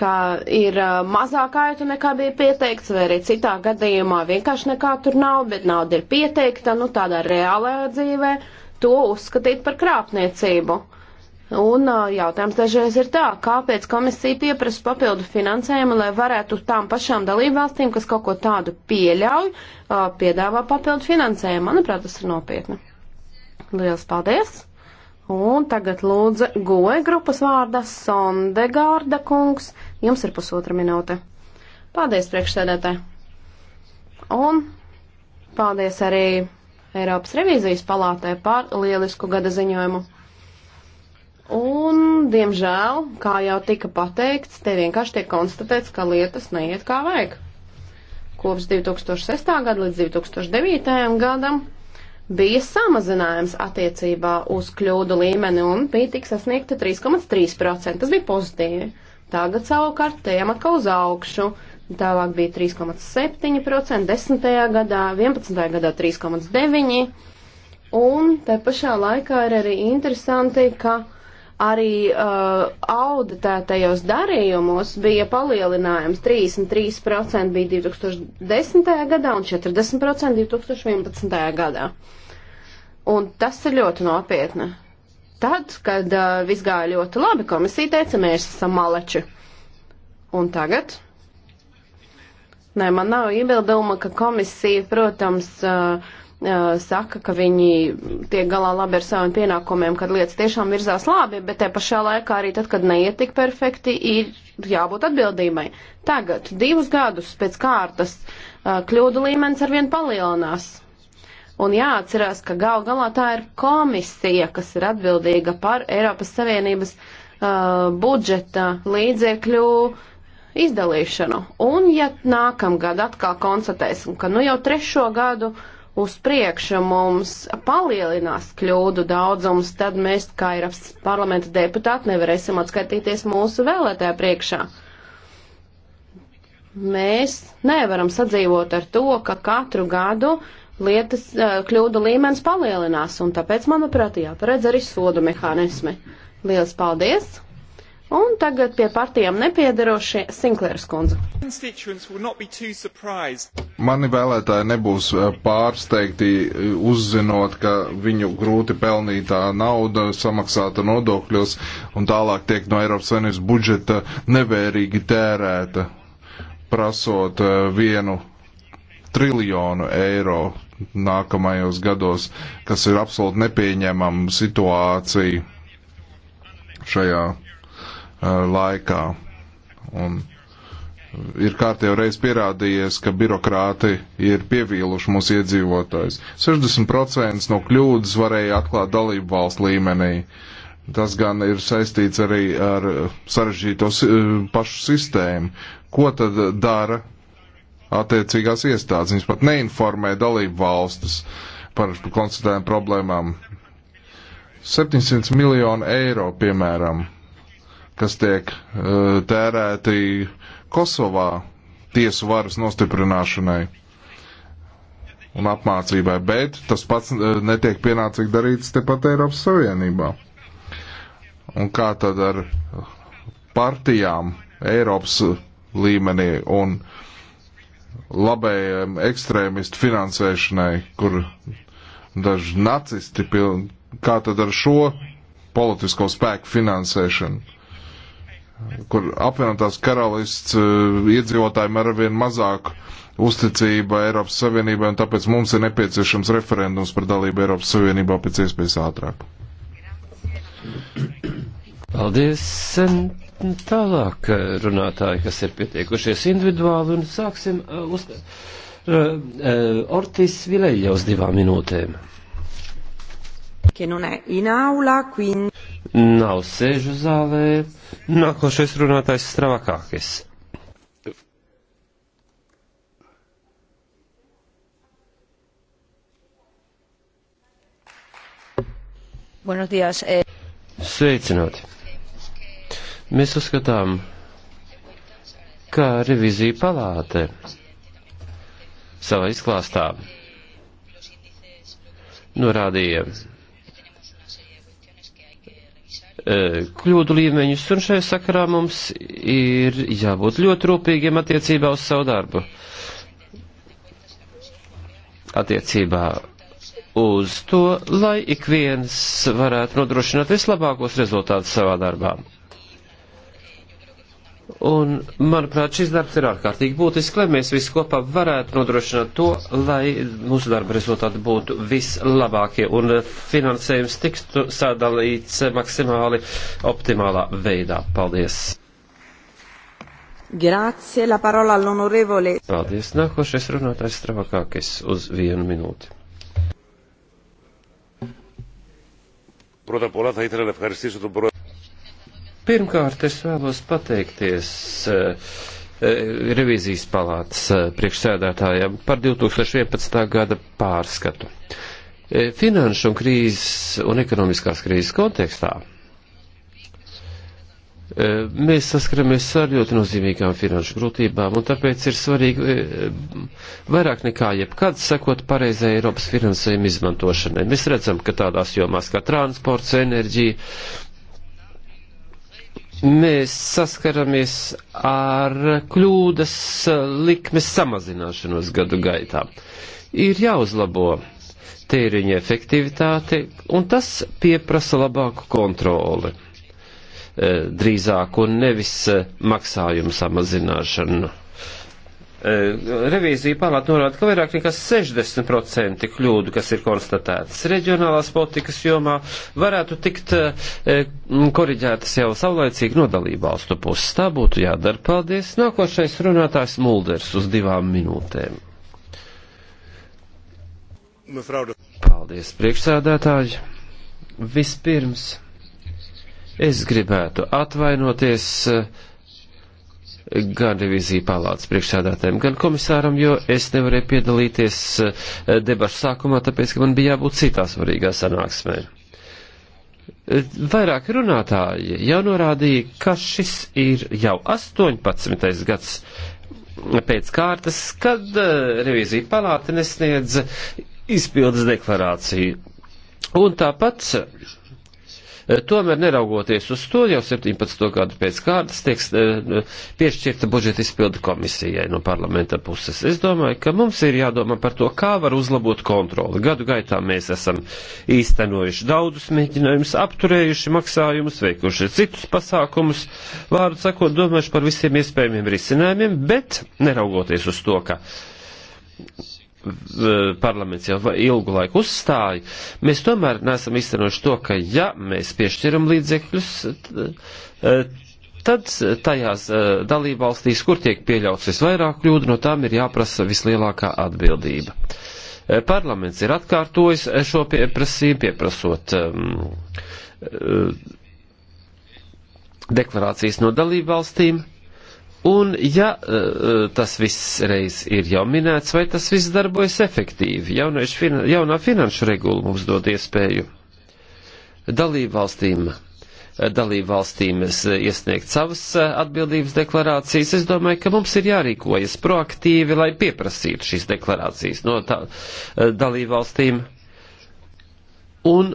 ka ir uh, mazāk aitu nekā bija pieteikts, vai arī citā gadījumā vienkārši nekā tur nav, bet nauda ir pieteikta, nu tādā reālajā dzīvē to uzskatīt par krāpniecību. Un uh, jautājums dažreiz ir tā, kāpēc komisija pieprasa papildu finansējumu, lai varētu tām pašām dalībvalstīm, kas kaut ko tādu pieļauj, uh, piedāvā papildu finansējumu. Manuprāt, tas ir nopietni. Lielas paldies! Un tagad lūdzu goja grupas vārdā Sondegārda kungs. Jums ir pusotra minūte. Paldies priekšsēdētāji. Un paldies arī Eiropas revīzijas palātē par lielisku gada ziņojumu. Un, diemžēl, kā jau tika pateikts, te vienkārši tiek konstatēts, ka lietas neiet kā vajag. Kopš 2006. gada līdz 2009. gadam bija samazinājums attiecībā uz kļūdu līmeni un bija tik sasniegta 3,3%. Tas bija pozitīvi. Tagad savukārt tēma kā uz augšu. Tālāk bija 3,7%, 10. gadā, 11. gadā 3,9%. Un te pašā laikā ir arī interesanti, ka arī uh, auditētajos darījumos bija palielinājums 33% bija 2010. gadā un 40% 2011. gadā. Un tas ir ļoti nopietni. Tad, kad uh, viss gāja ļoti labi, komisija teica, mēs esam maleči. Un tagad? Nē, man nav iebilduma, ka komisija, protams, uh, saka, ka viņi tiek galā labi ar saviem pienākumiem, kad lietas tiešām virzās labi, bet te pašā laikā arī tad, kad neiet tik perfekti, ir jābūt atbildībai. Tagad, divus gadus pēc kārtas, kļūdu līmenis arvien palielinās. Un jāatcerās, ka gal galā tā ir komisija, kas ir atbildīga par Eiropas Savienības uh, budžeta līdzekļu uh, izdalīšanu. Un ja nākamgad atkal konstatēsim, ka nu jau trešo gadu uh, uz priekšu mums palielinās kļūdu daudzums, tad mēs, kā ir parlamenta deputāti, nevarēsim atskaitīties mūsu vēlētāju priekšā. Mēs nevaram sadzīvot ar to, ka katru gadu lietas eh, kļūdu līmenis palielinās, un tāpēc, manuprāt, jāparedz arī sodu mehānismi. Lielas paldies! Un tagad pie partijām nepiedarošie Sinklēras kundze. Mani vēlētāji nebūs eh, pārsteigti eh, uzzinot, ka viņu grūti pelnītā nauda samaksāta nodokļos un tālāk tiek no Eiropas Savienības budžeta nevērīgi tērēta, prasot eh, vienu triljonu eiro nākamajos gados, kas ir absolūti nepieņemama situācija šajā Uh, laikā. Un ir kārtējo reizi pierādījies, ka birokrāti ir pievīluši mūsu iedzīvotājus. 60% no kļūdas varēja atklāt dalību valsts līmenī. Tas gan ir saistīts arī ar sarežģīto pašu sistēmu. Ko tad dara attiecīgās iestādes? Viņas pat neinformē dalību valstis par konstatējumu problēmām. 700 miljonu eiro, piemēram, kas tiek eh, tērēti Kosovā tiesu varas nostiprināšanai un apmācībai, bet tas pats eh, netiek pienācīgi darīts tepat Eiropas Savienībā. Un kā tad ar partijām Eiropas līmenī un labējiem ekstrēmistu finansēšanai, kur daži nacisti, piln... kā tad ar šo politisko spēku finansēšanu? kur apvienotās karalists eh, iedzīvotājiem ar vien mazāku uzticība Eiropas Savienībai, un tāpēc mums ir nepieciešams referendums par dalību Eiropas Savienībā pēc iespējas ātrāk. Paldies! Tālāk eh, runātāji, kas ir pietiekušies individuāli, un sāksim eh, uz Ortis Vileja uz divām minūtēm. Che non è in aula, quindi nav sēžu zālē. Nākošais runātājs stravakākis. Buenos días. Eh. Sveicināti. Mēs uzskatām, ka revizija palāte savā izklāstā norādīja E, kļūdu līmeņus, un šajā sakarā mums ir jābūt ļoti rūpīgiem attiecībā uz savu darbu. Attiecībā uz to, lai ik viens varētu nodrošināt vislabākos rezultātus savā darbā. Un, manuprāt, šis darbs ir ārkārtīgi būtisks, lai mēs visi kopā varētu nodrošināt to, lai mūsu darba rezultāti būtu vislabākie un finansējums tiktu sadalīts maksimāli optimālā veidā. Paldies! Grazie, la parola all'onorevole. Paldies, nākošais runātājs Stravakakis uz vienu minūti. Πρώτα απ' όλα θα ήθελα να ευχαριστήσω τον πρόεδρο. Pirmkārt, es vēlos pateikties eh, eh, revīzijas palātas eh, priekšsēdētājiem par 2011. gada pārskatu. Finanšu un krīzes un ekonomiskās krīzes kontekstā mēs saskaramies ar ļoti nozīmīgām finanšu grūtībām, un tāpēc ir svarīgi vairāk nekā jebkad sekot pareizai Eiropas finansējuma izmantošanai. Mēs redzam, ka tādās jomās kā transports, enerģija, mēs saskaramies ar kļūdas likmes samazināšanos gadu gaitā. Ir jāuzlabo tēriņa efektivitāte, un tas pieprasa labāku kontroli eh, drīzāk un nevis eh, maksājumu samazināšanu. Eh, revīzija palāta norāda, ka vairāk nekā 60% kļūdu, kas ir konstatētas reģionālās politikas jomā, varētu tikt eh, koriģētas jau saulaicīgi no dalību valstu puses. Tā būtu jādara. Paldies. Nākošais runātājs Mulders uz divām minūtēm. Paldies, priekšsēdētāji. Vispirms es gribētu atvainoties uh, gan reviziju palātas priekšsēdētājiem, gan komisāram, jo es nevarēju piedalīties eh, debašu sākumā, tāpēc, ka man bija jābūt citā svarīgā sanāksmē. Vairāk runātāji jau norādīja, ka šis ir jau 18. gads pēc kārtas, kad eh, revizija palāta nesniedz izpildes deklarāciju. Un tāpat Eh, tomēr, neraugoties uz to, jau 17. gadu pēc kārtas tiek eh, piešķirta budžeta izpildu komisijai no parlamenta puses. Es domāju, ka mums ir jādomā par to, kā var uzlabot kontroli. Gadu gaitā mēs esam īstenojuši daudzus mēģinājumus, apturējuši maksājumus, veikuši citus pasākumus, vārdu sakot, domājuši par visiem iespējamiem risinājumiem, bet neraugoties uz to, ka parlaments jau ilgu laiku uzstāja, mēs tomēr nesam iztenojuši to, ka ja mēs piešķiram līdzekļus, e, tad tajās e, dalībvalstīs, kur tiek pieļauts visvairāk kļūdu, no tām ir jāprasa vislielākā atbildība. E, parlaments ir atkārtojis šo pieprasījumu, pieprasot deklarācijas no dalībvalstīm, Un, ja e, e, tas viss reiz ir jau minēts, vai tas viss darbojas efektīvi, fina, jaunā finanšu regula mums dod iespēju dalību valstīm, e, dalību valstīm iesniegt savas atbildības deklarācijas. Es domāju, ka mums ir jārīkojas proaktīvi, lai pieprasītu šīs deklarācijas no tā, dalību valstīm. Un,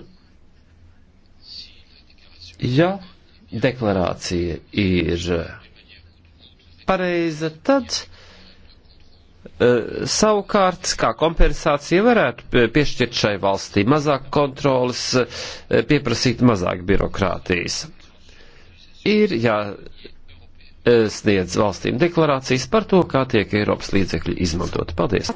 ja deklarācija ir pareiza, tad eh, savukārt, kā kompensācija varētu piešķirt šai valstī mazāk kontrolas, eh, pieprasīt mazāk birokrātijas. Ir jāsniedz eh, valstīm deklarācijas par to, kā tiek Eiropas līdzekļi izmantoti. Paldies!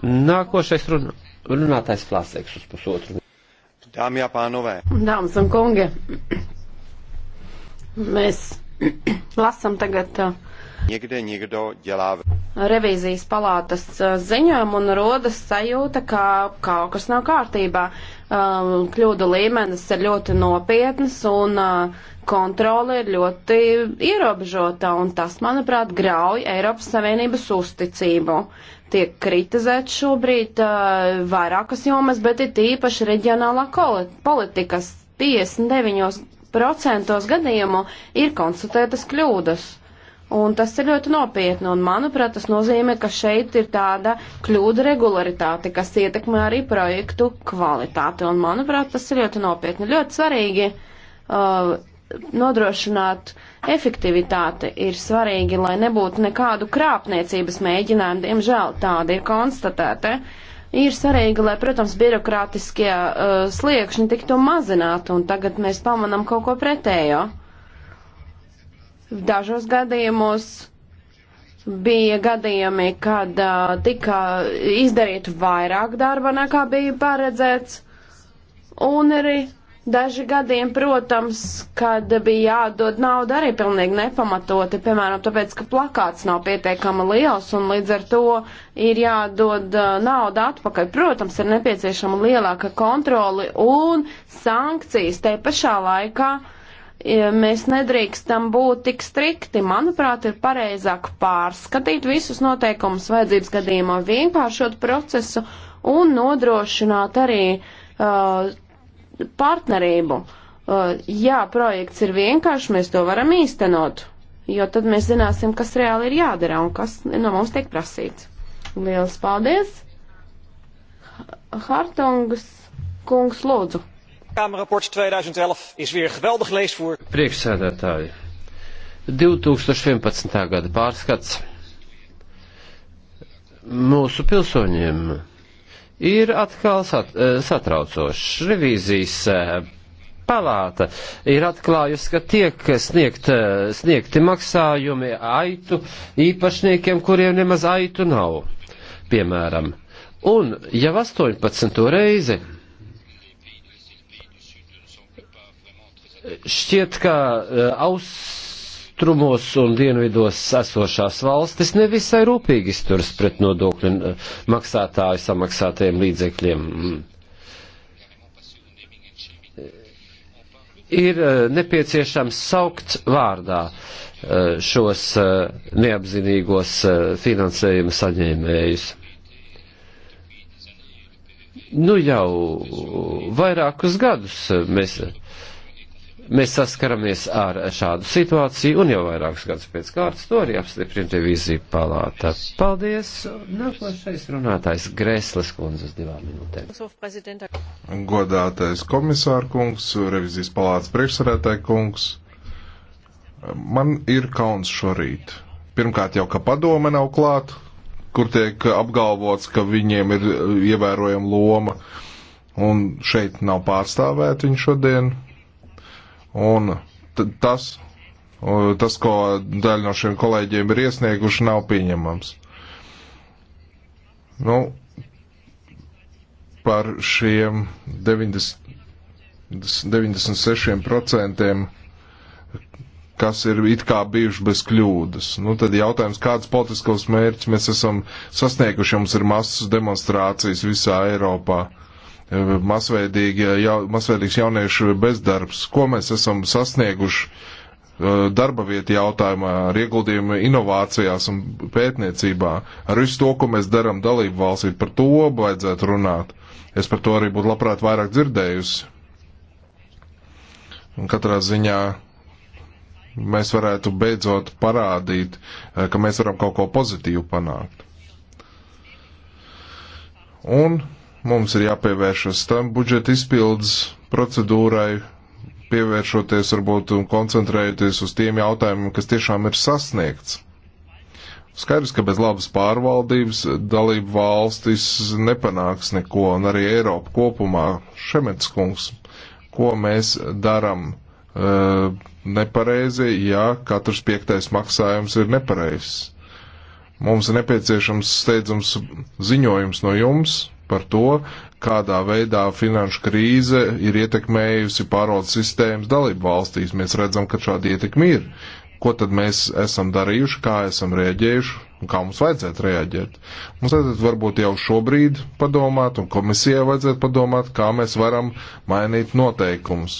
Nākošais run, runātājs plāsēks uz pusotru. Dāmas un kungi, mēs Lasam tagad uh, Niekde niekdo ģelā. revīzijas palātas uh, ziņojumu un rodas sajūta, ka kaut kas nav kārtībā. Um, Kļūdu līmenis ir ļoti nopietnas un uh, kontrole ir ļoti ierobežota un tas, manuprāt, grauj Eiropas Savienības uzticību. Tiek kritizēt šobrīd vairākas jomas, bet ir tīpaši reģionālā politika, politikas 59 procentos gadījumu ir konstatētas kļūdas. Un tas ir ļoti nopietni, un manuprāt, tas nozīmē, ka šeit ir tāda kļūda regularitāte, kas ietekmē arī projektu kvalitāti, un manuprāt, tas ir ļoti nopietni. Ļoti svarīgi uh, nodrošināt efektivitāti, ir svarīgi, lai nebūtu nekādu krāpniecības mēģinājumu, diemžēl tādi ir konstatēti. Ir svarīgi, lai, protams, birokrātiskie uh, sliekšņi tiktu mazināti, un tagad mēs pamanām kaut ko pretējo. Dažos gadījumos bija gadījumi, kad uh, tika izdarīta vairāk darba nekā bija paredzēts, un arī Daži gadiem, protams, kad bija jādod nauda arī pilnīgi nepamatoti, piemēram, tāpēc, ka plakāts nav pietiekama liels un līdz ar to ir jādod uh, nauda atpakaļ. Protams, ir nepieciešama lielāka kontroli un sankcijas. Te pašā laikā mēs nedrīkstam būt tik strikti. Manuprāt, ir pareizāk pārskatīt visus noteikumus vajadzības gadījumā, vienkāršot procesu un nodrošināt arī. Uh, partnerību. Uh, jā, projekts ir vienkāršs, mēs to varam īstenot, jo tad mēs zināsim, kas reāli ir jādara un kas no mums tiek prasīts. Lielas paldies! Hartungas kungs lūdzu. Kamerraports 2011 is weer geweldig leesvoer. Priekšsēdētāji, 2011. gada pārskats mūsu pilsoņiem ir atkal sat, e, satraucošs. Revīzijas e, palāta ir atklājusi, ka tiek sniegt, e, sniegti maksājumi aitu īpašniekiem, kuriem nemaz aitu nav, piemēram. Un jau 18. reizi šķiet, ka uh, aus austrumos un dienvidos esošās valstis nevisai rūpīgi izturas pret nodokļu eh, maksātāju samaksātajiem līdzekļiem. ir eh, nepieciešams saukt vārdā eh, šos neapzinīgos finansējuma saņēmējus. Nu jau vairākus gadus mēs Mēs saskaramies ar šādu situāciju un jau vairākus gadus pēc kārtas to arī apstiprina revīzija palāta. Paldies! Nākošais runātājs Grēslis kundzes divām minūtēm. Godātais komisāra kungs, revīzijas palātas priekšsarētāja kungs. Man ir kauns šorīt. Pirmkārt jau, ka padome nav klāt, kur tiek apgalvots, ka viņiem ir ievērojama loma, un šeit nav pārstāvēti viņi šodien. Un tas, tas, ko daļa no šiem kolēģiem ir iesnieguši, nav pieņemams. Nu, par šiem 90, 96%, kas ir it kā bijuši bez kļūdas. Nu, tad jautājums, kādas politiskos mērķus mēs esam sasnieguši, mums ir masas demonstrācijas visā Eiropā. Uh, masveidīgi, ja, masveidīgs jauniešu bezdarbs, ko mēs esam sasnieguši eh, darba vietu jautājumā, ar ieguldījumu inovācijās un pētniecībā, ar visu to, ko mēs darām dalību valstī, par to vajadzētu runāt. Es par to arī būtu labprāt vairāk dzirdējusi. Un katrā ziņā mēs varētu beidzot parādīt, eh, ka mēs varam kaut ko pozitīvu panākt. Un mums ir jāpievēršas tam budžeta izpildes procedūrai, pievēršoties varbūt un koncentrējoties uz tiem jautājumiem, kas tiešām ir sasniegts. Skaidrs, ka bez labas pārvaldības dalību valstis nepanāks neko, un arī Eiropa kopumā šemets kungs, ko mēs daram e, nepareizi, ja katrs piektais maksājums ir nepareizs. Mums ir nepieciešams steidzams ziņojums no jums, par to, kādā veidā finanšu krīze ir ietekmējusi pārvaldes sistēmas dalību valstīs. Mēs redzam, ka šāda ietekme ir. Ko tad mēs esam darījuši, kā esam rēģējuši un kā mums vajadzētu rēģēt? Mums vajadzētu varbūt jau šobrīd padomāt un komisijai vajadzētu padomāt, kā mēs varam mainīt noteikumus.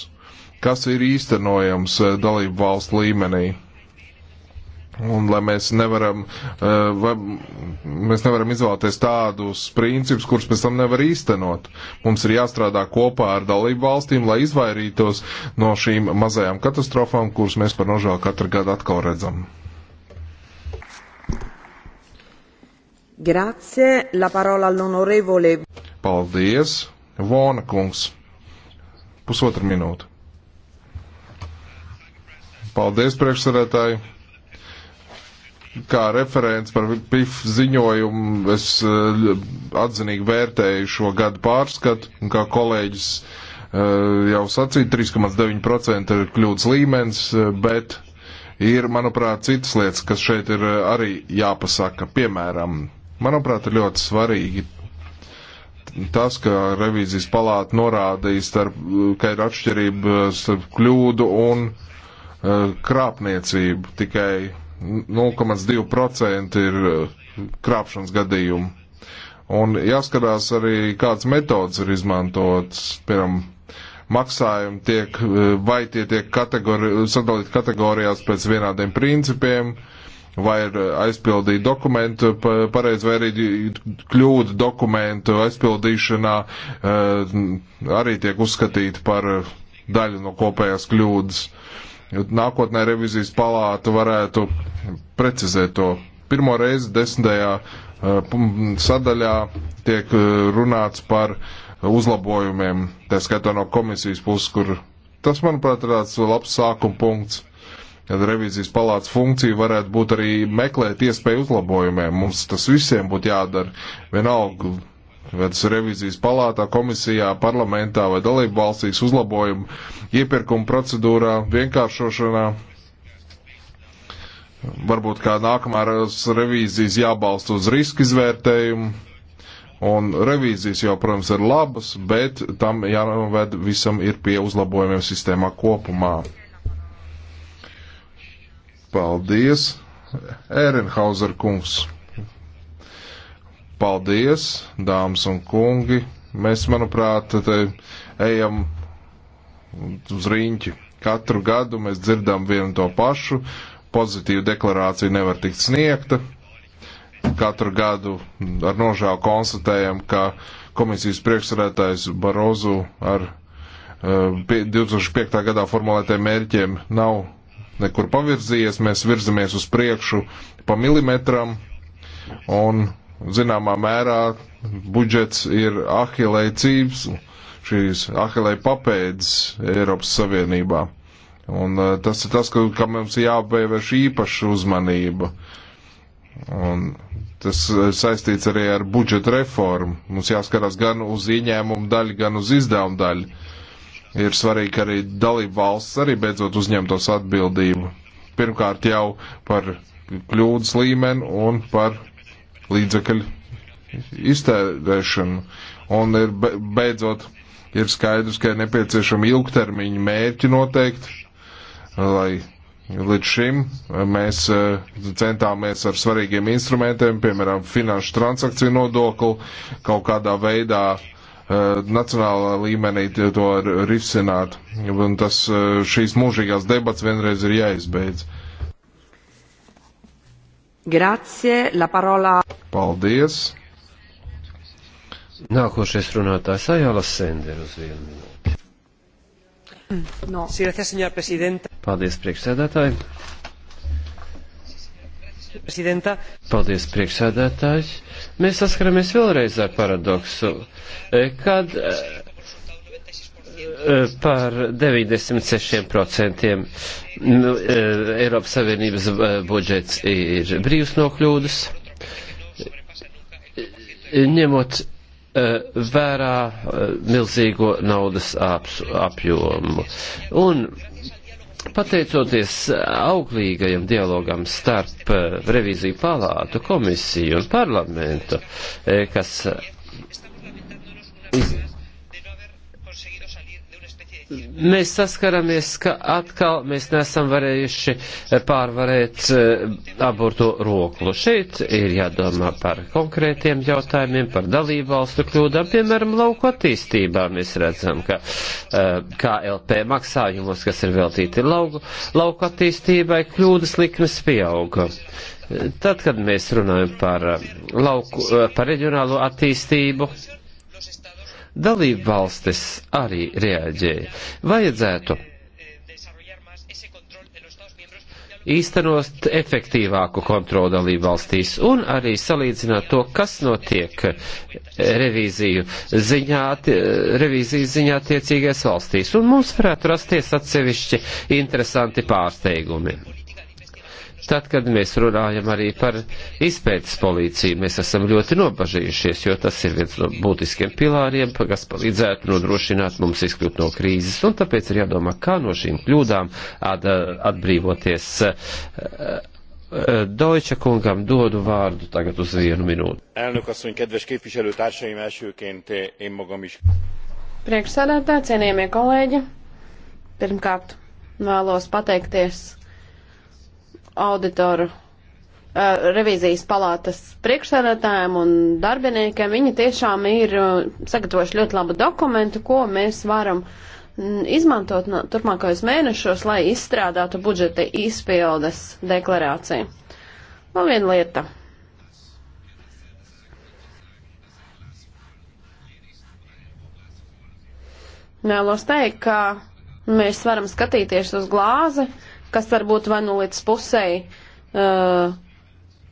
Kas ir īstenojams eh, dalību valstu līmenī? Un lai mēs nevaram, eh, vai, mēs nevaram izvēlēties tādus principus, kurus pēc tam nevar īstenot. Mums ir jāstrādā kopā ar dalību valstīm, lai izvairītos no šīm mazajām katastrofām, kuras mēs par nožēlu katru gadu atkal redzam. Grazie, la parola all'onorevole. Paldies, Vona kungs. Pusotra minūte. Paldies, priekšsarētāji kā referents par PIF ziņojumu es eh, atzinīgi vērtēju šo gadu pārskatu, un kā kolēģis eh, jau sacīja, 3,9% ir kļūdas līmenis, eh, bet ir, manuprāt, citas lietas, kas šeit ir arī jāpasaka. Piemēram, manuprāt, ir ļoti svarīgi tas, ka revīzijas palāta norādīja, starp, ka ir atšķirība starp kļūdu un krāpniecību. Tikai 0,2% ir eh, krāpšanas gadījumu. Un jāskatās arī, kādas metodas ir izmantotas, piemēram, maksājumi tiek, eh, vai tie tiek kategori, sadalīti kategorijās pēc vienādiem principiem, vai ir eh, aizpildīti dokumentu pareizi, vai arī kļūda dokumentu aizpildīšanā arī tiek uzskatīti par daļu no kopējās kļūdas. Uh, Nākotnē revizijas palāta varētu precizēt to. Pirmo reizi desmitajā eh, sadaļā tiek eh, runāts par uzlabojumiem, tā skaitā no komisijas puses, kur tas, manuprāt, ir tāds labs sākuma punkts kad revīzijas palātas funkcija varētu būt arī meklēt iespēju uzlabojumiem. Mums tas visiem būtu jādara. Vienalga, vai tas ir revizijas palātā, komisijā, parlamentā vai dalību valstīs uzlabojumu iepirkuma procedūrā, vienkāršošanā. Varbūt kā nākamā revīzijas jābalsta uz riska izvērtējumu. Un revīzijas jau, protams, ir labas, bet tam jānoved visam ir pie uzlabojumiem sistēmā kopumā. Paldies, Ērenhauser kungs. Paldies, dāmas un kungi. Mēs, manuprāt, te ejam uz riņķi. Katru gadu mēs dzirdam vienu to pašu. Pozitīva deklarācija nevar tikt sniegta. Katru gadu ar nožēlu konstatējam, ka komisijas priekšsarētājs Barozu ar uh, eh, 2005. gadā formulētiem mērķiem nav nekur pavirzījies. Mēs virzamies uz priekšu pa milimetram un zināmā mērā budžets ir ahilei cības, šīs ahilei papēdes Eiropas Savienībā. Un eh, tas ir tas, kam mums jāpievērš īpaša uzmanība. Un tas eh, saistīts arī ar budžeta reformu. Mums jāskatās gan uz ieņēmumu daļu, gan uz izdevumu daļu. Ir svarīgi, ka arī dalība valsts arī beidzot uzņemtos atbildību. Pirmkārt jau par kļūdas līmeni un par līdzekļu iztērēšanu. Un ir beidzot, ir skaidrs, ka ir nepieciešama ilgtermiņa mērķi noteikti, lai Līdz šim mēs eh, centāmies ar svarīgiem instrumentiem, piemēram, finanšu transakciju nodokli, kaut kādā veidā eh, nacionālā līmenī to risināt. Un tas eh, šīs mūžīgās debats vienreiz ir jāizbeidz. Grazie, la parola. Paldies. Nākošais runātājs Ajala Sender uz vienu minūti. Mm, no. Paldies, priekšsēdētāji. Paldies, priekšsēdētājs. Mēs saskaramies vēlreiz ar paradoksu, eh, kad eh, Eh, par 96% nu, eh, Eiropas Savienības eh, budžets ir brīvs no kļūdas, ņemot vērā milzīgo naudas apjomu. Un pateicoties auglīgajam dialogam starp revīziju palātu, komisiju un parlamentu, kas mēs saskaramies, ka atkal mēs nesam varējuši pārvarēt eh, aborto roklu. Šeit ir jādomā par konkrētiem jautājumiem, par dalību valstu kļūdām, piemēram, lauku attīstībā. Mēs redzam, ka eh, KLP maksājumos, kas ir veltīti lauku, lauku attīstībai, kļūdas likmes pieauga. Tad, kad mēs runājam par, eh, lauku, par reģionālo attīstību, Dalību valstis arī reaģēja. Vajadzētu īstenot efektīvāku kontrolu dalību valstīs un arī salīdzināt to, kas notiek revīziju ziņā, revīzijas ziņā tiecīgais valstīs. Un mums varētu rasties atsevišķi interesanti pārsteigumi. Tad, kad mēs runājam arī par izpētes policiju, mēs esam ļoti nobažījušies, jo tas ir viens no būtiskiem pilāriem, kas palīdzētu nodrošināt mums izkļūt no krīzes, un tāpēc ir jādomā, kā no šīm kļūdām at, atbrīvoties. Deutsche kungam dodu vārdu tagad uz vienu minūti. Elnök asszony, kedves képviselőtársaim, elsőként én magam is. Priekšsēdētāji, cienījamie kolēģi, pirmkārt vēlos pateikties auditoru revīzijas palātas priekšsēdētājiem un darbiniekiem. Viņi tiešām ir sagatavojuši ļoti labu dokumentu, ko mēs varam mm, izmantot turpmākajos mēnešos, lai izstrādātu budžeta izpildes deklarāciju. Vēl viena lieta. Vēlos teikt, ka mēs varam skatīties uz glāzi, uh, kas varbūt vai nu līdz pusēji uh,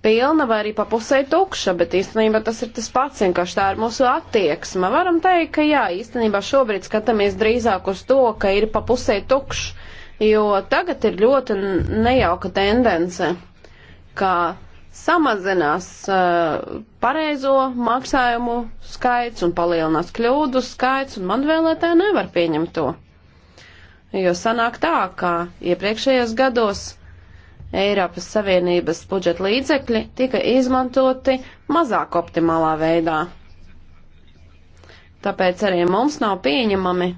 pilna vai arī pa pusēji tukša, bet īstenībā tas ir tas pats, vienkārši tā ir mūsu attieksme. Varam teikt, ka jā, īstenībā šobrīd skatāmies drīzāk uz to, ka ir pa pusēji tukšs, jo tagad ir ļoti nejauka tendence, ka samazinās uh, pareizo maksājumu skaits un palielinās kļūdu skaits, un man vēlētāji nevar pieņemt to. Jo sanāk tā, ka iepriekšējos gados Eiropas Savienības budžeta līdzekļi tika izmantoti mazāk optimālā veidā. Tāpēc arī mums nav pieņemami,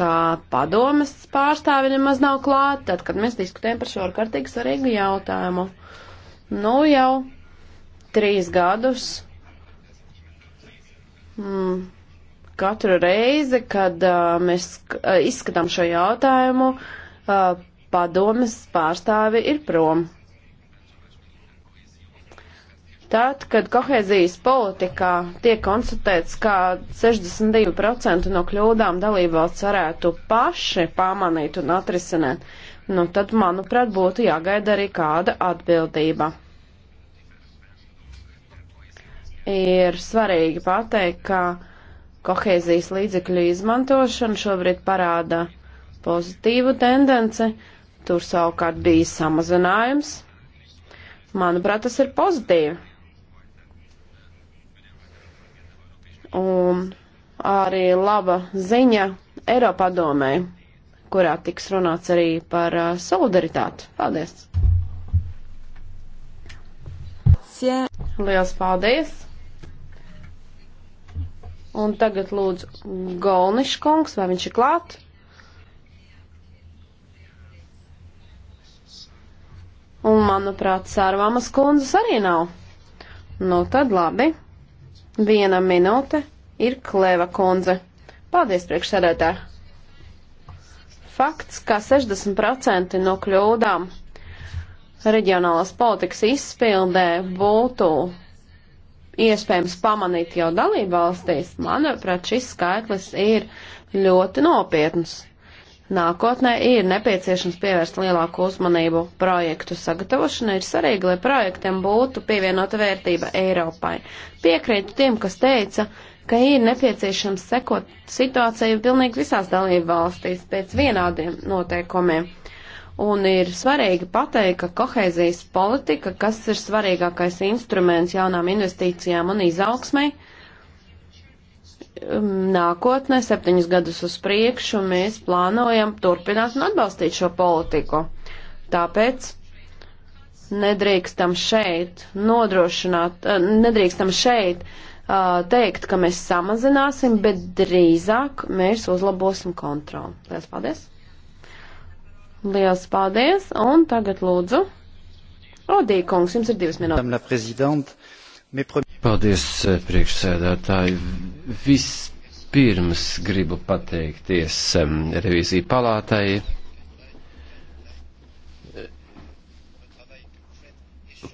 ka padomas pārstāvi nemaz nav klāt, tad, kad mēs diskutējam par šo ārkārtīgi svarīgu jautājumu. Nu jau trīs gadus. Mm, katru reizi, kad uh, mēs uh, izskatām šo jautājumu, uh, padomes pārstāvi ir prom. Tad, kad kohēzijas politikā tiek konstatēts, ka 62% no kļūdām dalībvalsts varētu paši pamanīt un atrisināt, nu tad, manuprāt, būtu jāgaida arī kāda atbildība. Ir svarīgi pateikt, ka kohēzijas līdzekļu izmantošana šobrīd parāda pozitīvu tendenci, tur savukārt bija samazinājums. Manuprāt, tas ir pozitīvi. Un arī laba ziņa Eiropadomē, kurā tiks runāts arī par uh, solidaritāti. Paldies! Liels paldies! Un tagad lūdzu Golniškungs, vai viņš ir klāt? Un, manuprāt, Sārvamas kundzes arī nav. Nu, tad labi. Viena minūte ir Kleva kundze. Paldies, priekšsēdētāji! Fakts, ka 60% no kļūdām reģionālās politikas izpildē būtu iespējams pamanīt jau dalību valstīs, manuprāt, šis skaitlis ir ļoti nopietns. Nākotnē ir nepieciešams pievērst lielāku uzmanību projektu sagatavošanai. Ir svarīgi, lai projektiem būtu pievienota vērtība Eiropai. Piekrītu tiem, kas teica, ka ir nepieciešams sekot situācijai pilnīgi visās dalību valstīs pēc vienādiem noteikumiem. Uh, Un ir svarīgi pateikt, ka kohēzijas politika, kas ir svarīgākais instruments jaunām investīcijām un izaugsmai, um, nākotnē, septiņus gadus uz priekšu, mēs plānojam turpināt un atbalstīt šo politiku. Tāpēc nedrīkstam šeit nodrošināt, eh, nedrīkstam šeit eh, teikt, ka mēs samazināsim, bet drīzāk mēs uzlabosim kontroli. Lielas paldies! Liels paldies, un tagad lūdzu. Odī, kungs, jums ir divas minūtes. Paldies, eh, priekšsēdētāji. Vispirms gribu pateikties revīziju palātai.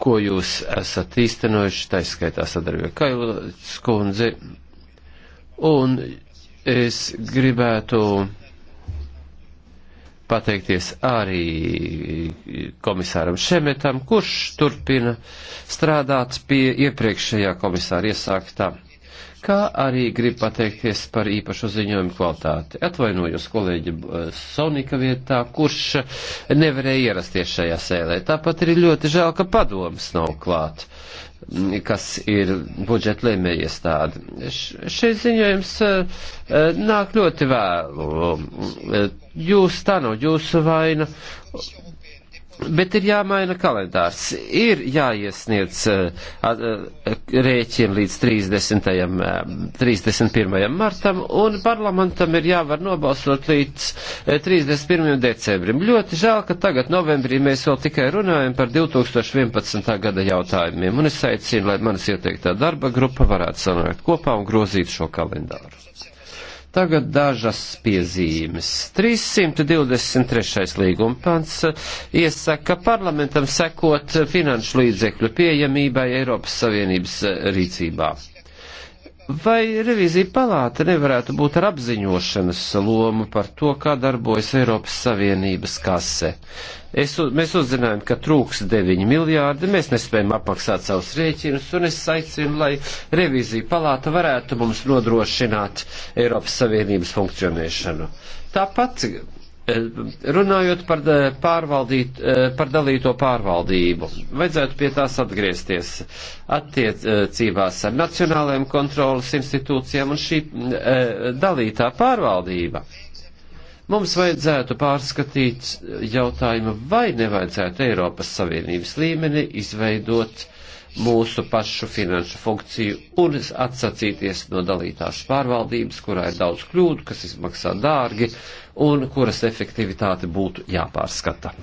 Ko jūs esat īstenojuši, taiskaitā sadarbība Kailas kundzi, un es gribētu pateikties arī komisāram Šemetam, kurš turpina strādāt pie iepriekšējā komisāra iesāktā, kā arī grib pateikties par īpašo ziņojumu kvalitāti. Atvainojos kolēģi Sonika vietā, kurš nevarēja ierasties šajā sēlē. Tāpat ir ļoti žēl, ka padomas nav klāt kas ir budžeta lēmēja iestāde. Šis ziņojums e, e, nāk ļoti vēlu. E, jūs tā nav jūsu vaina, Bet ir jāmaina kalendārs. Ir jāiesniedz uh, uh, rēķini līdz 30. Uh, 31. martam, un parlamentam ir jāvar nobalsot līdz 31. Eh, decembrim. Ļoti žēl, ka tagad novembrī mēs vēl tikai runājam par 2011. gada jautājumiem, un es aicinu, lai manas ieteiktā darba grupa varētu sanākt kopā un grozīt šo kalendāru. Tagad dažas piezīmes. 323. līguma pants eh, iesaka parlamentam sekot finanšu līdzekļu pieejamībai Eiropas Savienības eh, rīcībā. Vai revizija palāta nevarētu būt ar apziņošanas lomu par to, kā darbojas Eiropas Savienības kase? Es, mēs uzzinājām, ka trūks 9 miljārdi, mēs nespējam apmaksāt savus rēķinus, un es aicinu, lai revizija palāta varētu mums nodrošināt Eiropas Savienības funkcionēšanu. Tāpat Eh, runājot par, eh, pārvaldīt, eh, par dalīto pārvaldību, vajadzētu pie tās atgriezties attiecībās ar nacionālajiem kontrolas institūcijām un šī dalītā pārvaldība. Mums vajadzētu pārskatīt jautājumu, vai nevajadzētu Eiropas Savienības līmeni izveidot mūsu pašu finanšu funkciju un atsacīties no dalītās pārvaldības, kurā ir daudz kļūdu, kas izmaksā dārgi un kuras efektivitāte būtu jāpārskata.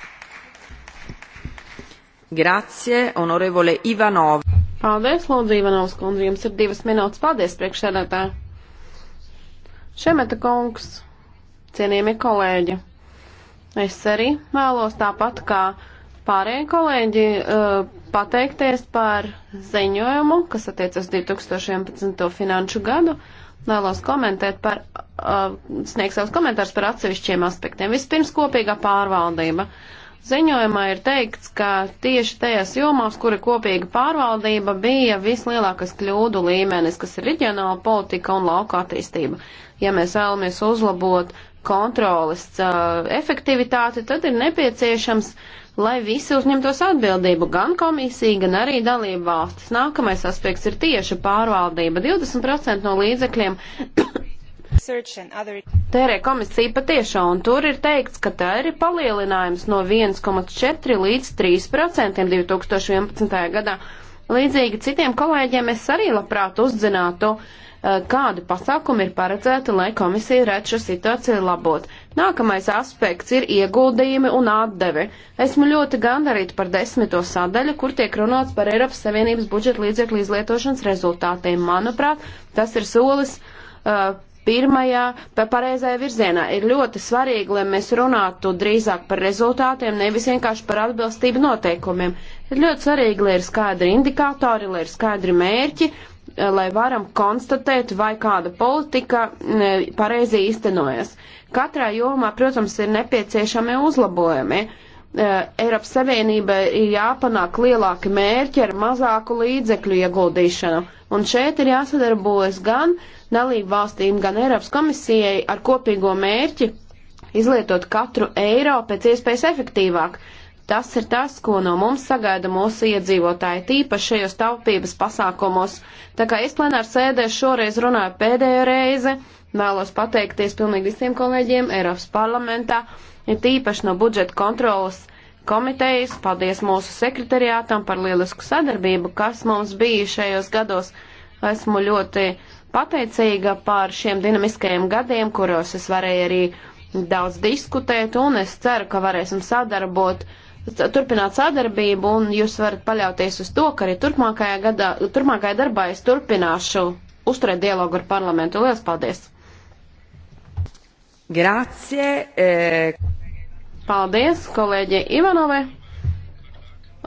Grazie, honorevole Ivanov. Paldies, Lūdzu, Ivanovs kundze, jums ir divas minūtes. Paldies, priekšsēdētāji. Šemeta kungs, cienījamie kolēģi, es arī vēlos tāpat kā pārējiem kolēģi uh, pateikties par ziņojumu, kas attiecas 2011. finanšu gadu. Vēlos komentēt par, uh, sniegt savus komentārus par atsevišķiem aspektiem. Vispirms kopīgā pārvaldība. Ziņojumā ir teikts, ka tieši tajās jomās, kura kopīga pārvaldība bija vislielākas kļūdu līmenis, kas ir reģionāla politika un lauka attīstība. Ja mēs vēlamies uzlabot kontrolas uh, efektivitāti, tad ir nepieciešams uh, lai visi uzņemtos atbildību, gan komisija, gan arī dalību valstis. Nākamais aspekts ir tieši pārvaldība. 20% no līdzekļiem Tērē komisija patiešām, un tur ir teikts, ka tā ir palielinājums no 1,4 līdz 3% 2011. gadā. Līdzīgi citiem kolēģiem es arī labprāt uzzinātu, uh, Eh, kādi pasākumi ir paredzēti, lai komisija redz šo situāciju labot. Nākamais aspekts ir ieguldījumi un atdevi. Esmu ļoti gandarīta par desmito sadaļu, kur tiek runāts par Eiropas Savienības budžeta līdzekļu izlietošanas rezultātiem. Manuprāt, tas ir solis uh, pirmajā, pa pareizajā virzienā. Ir ļoti svarīgi, lai mēs runātu drīzāk par rezultātiem, nevis vienkārši par atbilstību noteikumiem. Ir ļoti svarīgi, lai ir skaidri indikātori, lai ir skaidri mērķi, lai varam konstatēt, vai kāda politika e, pareizi īstenojas. Katrā jomā, protams, ir nepieciešami uzlabojumi. E, Eiropas Savienība ir jāpanāk lielāki mērķi ar mazāku līdzekļu ieguldīšanu, un šeit ir jāsadarbojas gan dalību valstīm, gan Eiropas komisijai ar kopīgo mērķi izlietot katru eiro pēc iespējas efektīvāk. Uh, Tas ir tas, ko no mums sagaida mūsu iedzīvotāji, tīpaši šajos taupības pasākumos. Tā kā es plenāru sēdē šoreiz runāju pēdējo reizi, vēlos pateikties pilnīgi visiem kolēģiem Eiropas parlamentā, ir tīpaši no budžeta kontrolas komitejas, paldies mūsu sekretariātam par lielisku sadarbību, kas mums bija šajos gados. Esmu ļoti pateicīga par šiem dinamiskajiem gadiem, kuros es varēju arī daudz diskutēt, un es ceru, ka varēsim sadarbot uh, turpināt sadarbību, un jūs varat paļauties uz to, ka arī turpmākajā, gadā, turpmākajā darbā es turpināšu uzturēt dialogu ar parlamentu. Lielas paldies! Grācie! E... Eh. Paldies, kolēģi Ivanovai!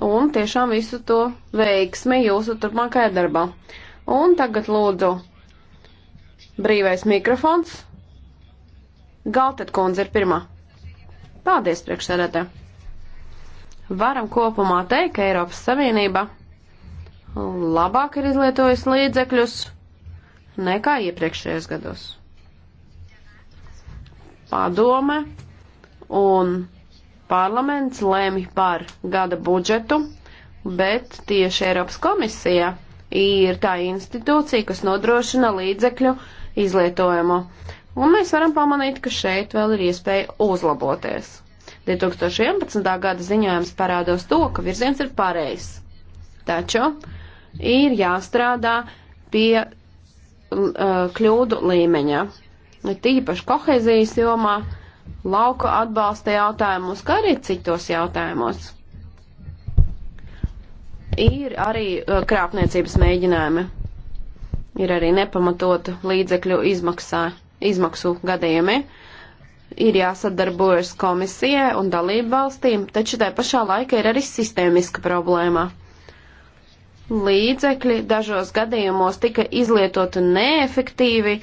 Un tiešām visu to veiksmi jūsu turpmākajā darbā. Un tagad lūdzu brīvais mikrofons. Galtet kundze ir pirmā. Paldies, priekšsēdētāji! Varam kopumā teikt, ka Eiropas Savienība labāk ir izlietojusi līdzekļus nekā iepriekšējos gados. Padome un parlaments lēmi par gada budžetu, bet tieši Eiropas komisija ir tā institūcija, kas nodrošina līdzekļu izlietojumu. Un mēs varam pamanīt, ka šeit vēl ir iespēja uzlaboties. 2011. gada ziņojums parādos to, ka virziens ir pareizs. Taču ir jāstrādā pie uh, kļūdu līmeņa. Tīpaši kohezijas jomā, lauka atbalsta jautājumos, kā arī citos jautājumos. Ir arī uh, krāpniecības mēģinājumi. Ir arī nepamatota līdzekļu izmaksā, izmaksu gadījumi. Uh, ir jāsadarbojas komisijai un dalību valstīm, taču tai pašā laikā ir arī sistēmiska problēma. Līdzekļi dažos gadījumos tika izlietoti neefektīvi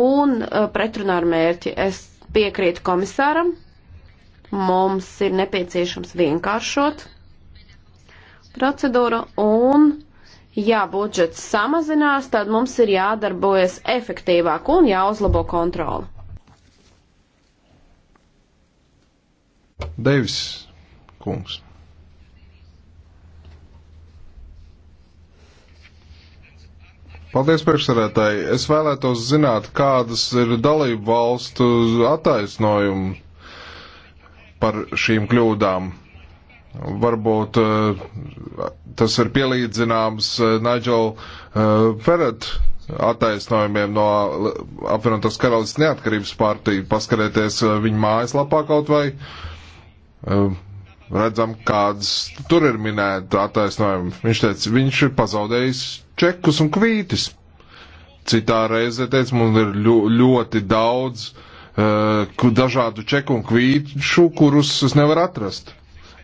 un uh, pretrunā ar mērķi. Es piekrītu komisāram, mums ir nepieciešams vienkāršot procedūru un ja budžets samazinās, tad mums ir jādarbojas efektīvāk un jāuzlabo kontroli. Devis kungs. Paldies, priekšsarētāji. Es vēlētos zināt, kādas ir dalību valstu attaisnojumi par šīm kļūdām. Varbūt eh, tas ir pielīdzināms eh, Nigela eh, Ferret attaisnojumiem no apvienotās karalists neatkarības partija. Paskarieties viņa mājaslapā kaut vai. Uh, Ehm, redzam, kādas tur ir minēta attaisnojumi. Viņš teica, viņš ir pazaudējis čekus un kvītis. Citā reize teica, mums ir ļoti daudz uh, dažādu čeku un kvīšu, kurus es nevaru atrast.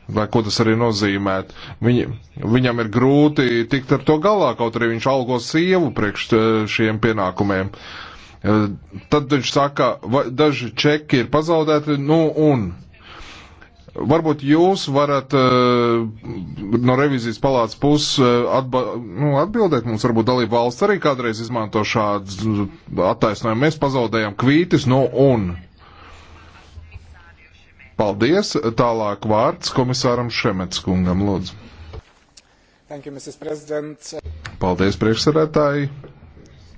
Vai ko tas arī nozīmē? Viņ, viņam ir grūti tikt ar to galā, kaut arī viņš algo sievu priekš uh, šiem pienākumiem. Uh, tad viņš saka, va, daži čeki ir pazaudēti, nu un Varbūt jūs varat uh, no revizijas palātas puses uh, nu, atbildēt mums, varbūt dalība valsts arī kādreiz izmanto šādu attaisnojumu. Mēs pazaudējam kvītis no nu, un. Paldies. Tālāk vārds komisāram Šemetskungam, lūdzu. Thank you, Mrs. President. Paldies, priekšsēdētāji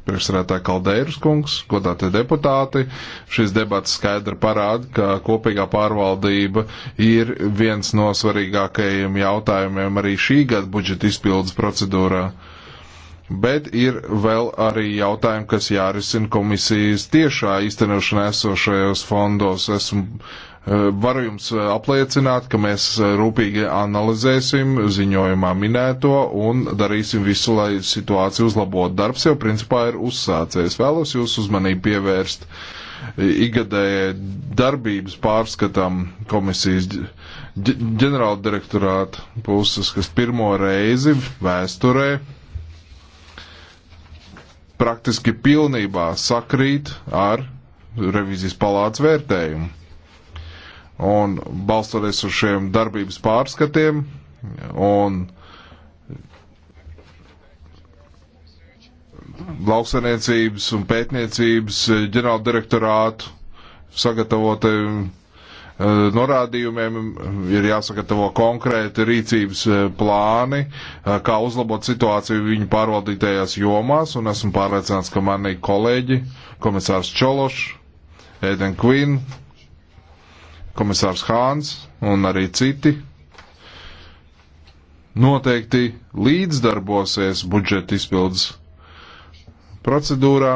priekšsarētāja Kaldeiras kungs, godātie deputāti. Šis debats skaidri parāda, ka kopīgā pārvaldība ir viens no svarīgākajiem jautājumiem arī šī gada budžeta izpildes procedūrā. Bet ir vēl arī jautājumi, kas jārisina komisijas tiešā īstenošanā esošajos fondos. Esmu Varu jums eh, apliecināt, ka mēs eh, rūpīgi analizēsim ziņojumā minēto un darīsim visu, lai situāciju uzlabotu. Darbs jau principā ir uzsācies. Vēlos jūs uzmanību pievērst eh, igadējai darbības pārskatam komisijas ģenerāla direktorāta puses, kas pirmo reizi vēsturē praktiski pilnībā sakrīt ar revizijas palāts vērtējumu Un balstoties uz šiem darbības pārskatiem un lauksainiecības un pētniecības ģenerāldirektorātu sagatavotajiem eh, norādījumiem ir jāsagatavo konkrēti rīcības eh, plāni, eh, kā uzlabot situāciju viņu pārvaldītajās jomās, un esmu pārliecināts, ka mani kolēģi, komisārs Čološs, Eden Kvinn, komisārs Hāns un arī citi noteikti līdzdarbosies budžeta izpildes procedūrā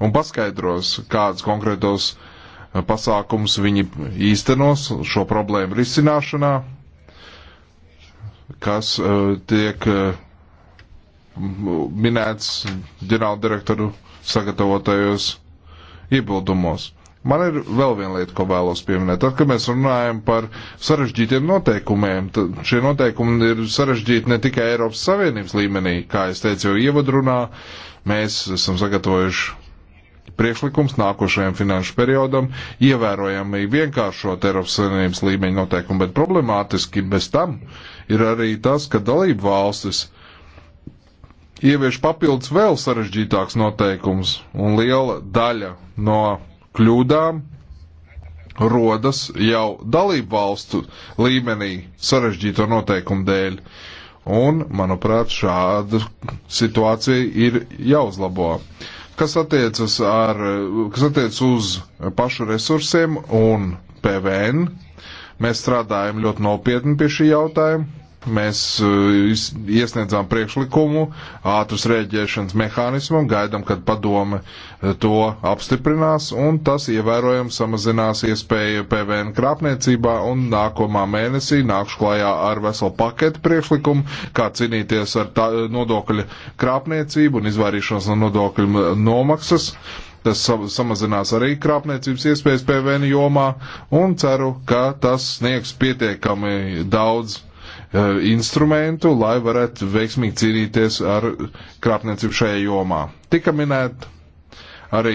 un paskaidros, kādus konkrētos eh, pasākums viņi īstenos šo problēmu risināšanā, kas uh, tiek uh, minēts ģenerāldirektoru sagatavotajos iebildumos. Man ir vēl viena lieta, ko vēlos pieminēt. Tad, kad mēs runājam par sarežģītiem noteikumiem, tad šie noteikumi ir sarežģīti ne tikai Eiropas Savienības līmenī, kā es teicu jau ievadrunā, mēs esam sagatavojuši priekšlikums nākošajam finanšu periodam ievērojami vienkāršot Eiropas Savienības līmeņa noteikumu, bet problemātiski bez tam ir arī tas, ka dalību valstis ievieš papildus vēl sarežģītāks noteikums un liela daļa no kļūdām rodas jau dalību valstu līmenī sarežģīto noteikumu dēļ. Un, manuprāt, šāda situācija ir jāuzlabo. Kas attiecas, ar, kas attiecas uz pašu resursiem un PVN, mēs strādājam ļoti nopietni pie šī jautājuma Mēs uh, iesniedzām priekšlikumu ātras rēģēšanas mehānismam, gaidām, kad padome uh, to apstiprinās, un tas ievērojami samazinās iespēju PVN krāpniecībā, un nākamā mēnesī nākšu klajā ar veselu paketu priekšlikumu, kā cīnīties ar tā, nodokļa krāpniecību un izvairīšanos no nodokļu uh, nomaksas. Tas samazinās arī krāpniecības iespējas PVN jomā un ceru, ka tas sniegs pietiekami daudz Eh, instrumentu, lai varētu veiksmīgi cīnīties ar krāpniecību šajā jomā. Tika minēt arī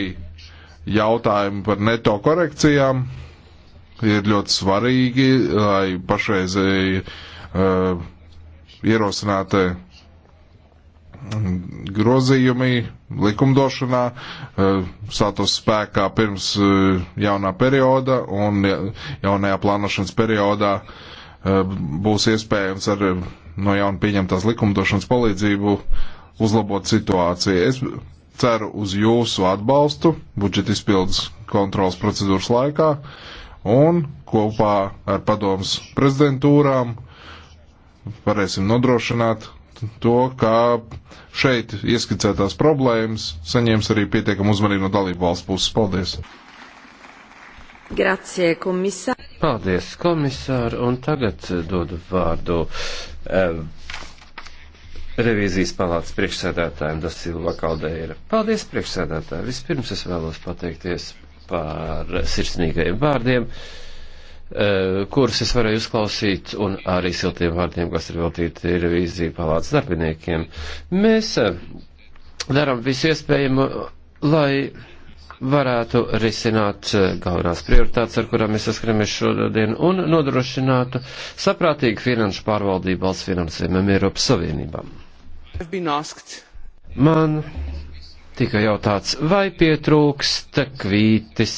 jautājumi par neto korekcijām. Ir ļoti svarīgi, lai pašreizēji uh, ierosinātie grozījumi likumdošanā eh, status spēkā pirms jaunā perioda un jaunajā plānošanas periodā uh, būs iespējams ar no jauna pieņemtās likumdošanas palīdzību uzlabot situāciju. Es ceru uz jūsu atbalstu budžeta izpildes kontrolas procedūras laikā un kopā ar padomus prezidentūrām varēsim nodrošināt to, ka šeit ieskicētās problēmas saņems arī pietiekam uzmanību no dalību valsts puses. Paldies! Grazie, komisār! Paldies, komisāri, un tagad eh, dodu vārdu eh, revīzijas palātas priekšsēdētājiem Dasilva Kaldeira. Paldies, priekšsēdētāji! Vispirms es vēlos pateikties par sirsnīgajiem vārdiem, eh, kurus es varēju uzklausīt, un arī siltiem vārdiem, kas ir veltīti revīzija palātas darbiniekiem. Mēs eh, darām visu iespējamo, lai varētu risināt eh, galvenās prioritātes, ar kurām mēs saskaramies šodien, un nodrošinātu saprātīgu finanšu pārvaldību valsts finansējumam Eiropas Savienībām. Man tika jautāts, vai pietrūkst kvītis,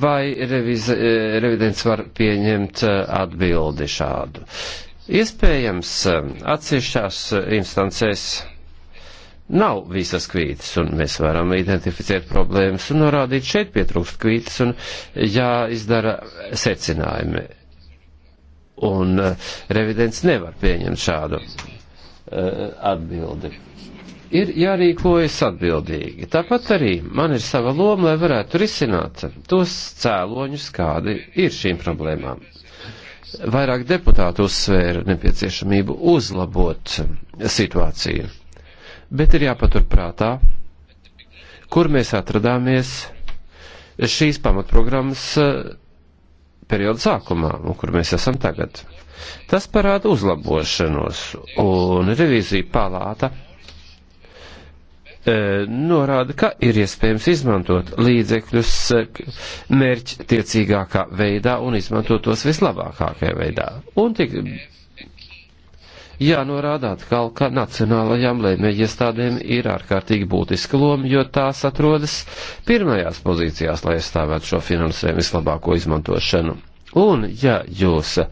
vai reviz, eh, revidents var pieņemt eh, atbildi šādu. Iespējams, atsevišķās instancēs nav visas kvītas, un mēs varam identificēt problēmas un norādīt šeit pietrūkst kvītas un jāizdara secinājumi. Un uh, revidents nevar pieņemt šādu uh, atbildi. Ir jārīkojas atbildīgi. Tāpat arī man ir sava loma, lai varētu risināt tos cēloņus, kādi ir šīm problēmām. Vairāk deputātu uzsvēra nepieciešamību uzlabot situāciju bet ir jāpaturprātā, kur mēs atradāmies šīs pamatprogrammas eh, perioda sākumā un kur mēs esam tagad. Tas parāda uzlabošanos, un revīzija palāta eh, norāda, ka ir iespējams izmantot līdzekļus eh, mērķtiecīgākā veidā un izmantot tos vislabākajā veidā. Un tik jānorāda atkal, ka nacionālajām lēmēju iestādēm ir ārkārtīgi būtiska loma, jo tās atrodas pirmajās pozīcijās, lai aizstāvētu šo finansējumu vislabāko izmantošanu. Un, ja jūs uh,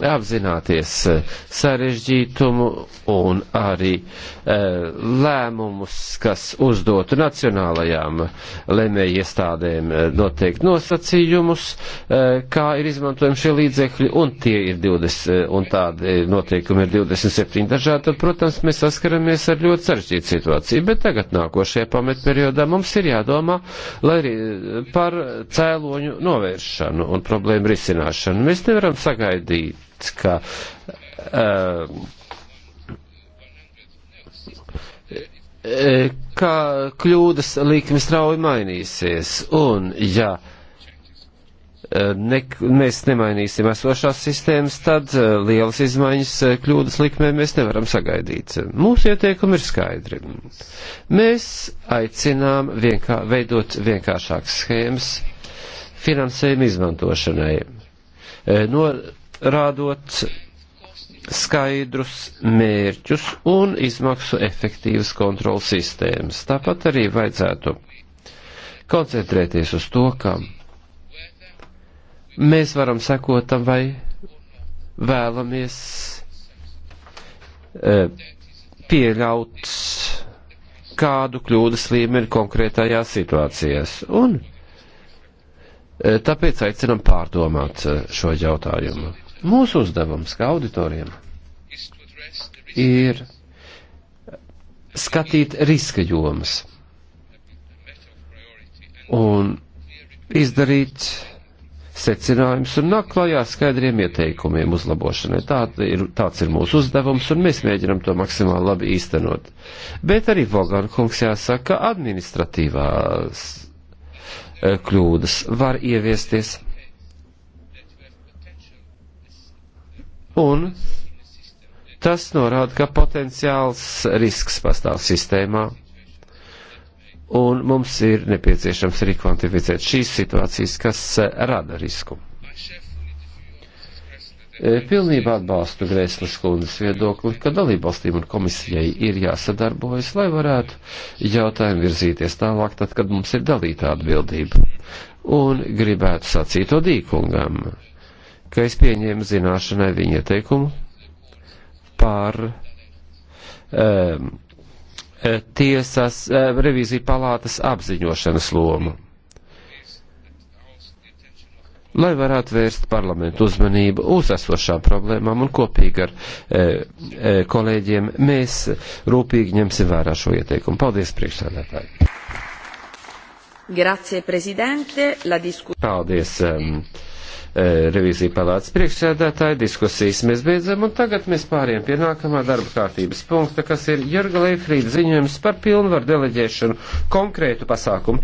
apzināties eh, sarežģītumu un arī e, lēmumus, kas uzdotu nacionālajām eh, lemēju iestādēm noteikti nosacījumus, e, kā ir izmantojami šie līdzekļi, un tie ir 20, un tādi noteikumi ir 27 dažādi, tad, protams, mēs saskaramies ar ļoti sarežģītu situāciju. Bet tagad nākošajā pametperiodā mums ir jādomā arī par cēloņu novēršanu un problēmu risināšanu. Mēs nevaram sagaidīt teikt, ka. Uh, ka kļūdas likme strauji mainīsies, un ja eh, ne, mēs nemainīsim esošās sistēmas, tad lielas izmaiņas kļūdas likmē mēs nevaram sagaidīt. Mūsu ieteikumi ir skaidri. Mēs aicinām vienkā, veidot vienkāršākas schēmas finansējuma izmantošanai. No rādot skaidrus mērķus un izmaksu efektīvas kontrolas sistēmas. Tāpat arī vajadzētu koncentrēties uz to, ka mēs varam sekot tam vai vēlamies e, pieļaut kādu kļūdas līmeni konkrētajās situācijās. Un e, tāpēc aicinam pārdomāt e, šo jautājumu. Mūsu uzdevums kā auditoriem ir skatīt riska jomas un izdarīt secinājumus un nāk klajā skaidriem ieteikumiem uzlabošanai. Tā ir, tāds ir mūsu uzdevums, un mēs mēģinam to maksimāli labi īstenot. Bet arī Vogan kungs jāsaka, administratīvās eh, kļūdas var ieviesties Un tas norāda, ka potenciāls risks pastāv sistēmā, un mums ir nepieciešams arī kvantificēt šīs situācijas, kas eh, rada risku. Eh, pilnībā atbalstu Grēslis kundzes viedokli, ka dalībvalstīm un komisijai ir jāsadarbojas, lai varētu jautājumu virzīties tālāk, tad, kad mums ir dalīta atbildība. Un gribētu sacīt to dīkungam, ka es pieņēmu zināšanai viņa teikumu par um, tiesas um, e, revīzija palātas apziņošanas lomu. Lai varētu vērst parlamentu uzmanību uz esošām problēmām un kopīgi ar e, um, e, kolēģiem mēs rūpīgi ņemsim vērā šo ieteikumu. Paldies, priekšsēdētāji! Grazie, prezidente! La disku... Paldies! Um, E, revīzija palātas priekšsēdētāja diskusijas mēs beidzam, un tagad mēs pāriem pie nākamā darba kārtības punkta, kas ir Jurga Leifrīda ziņojums par pilnvaru deleģēšanu konkrētu pasākumu.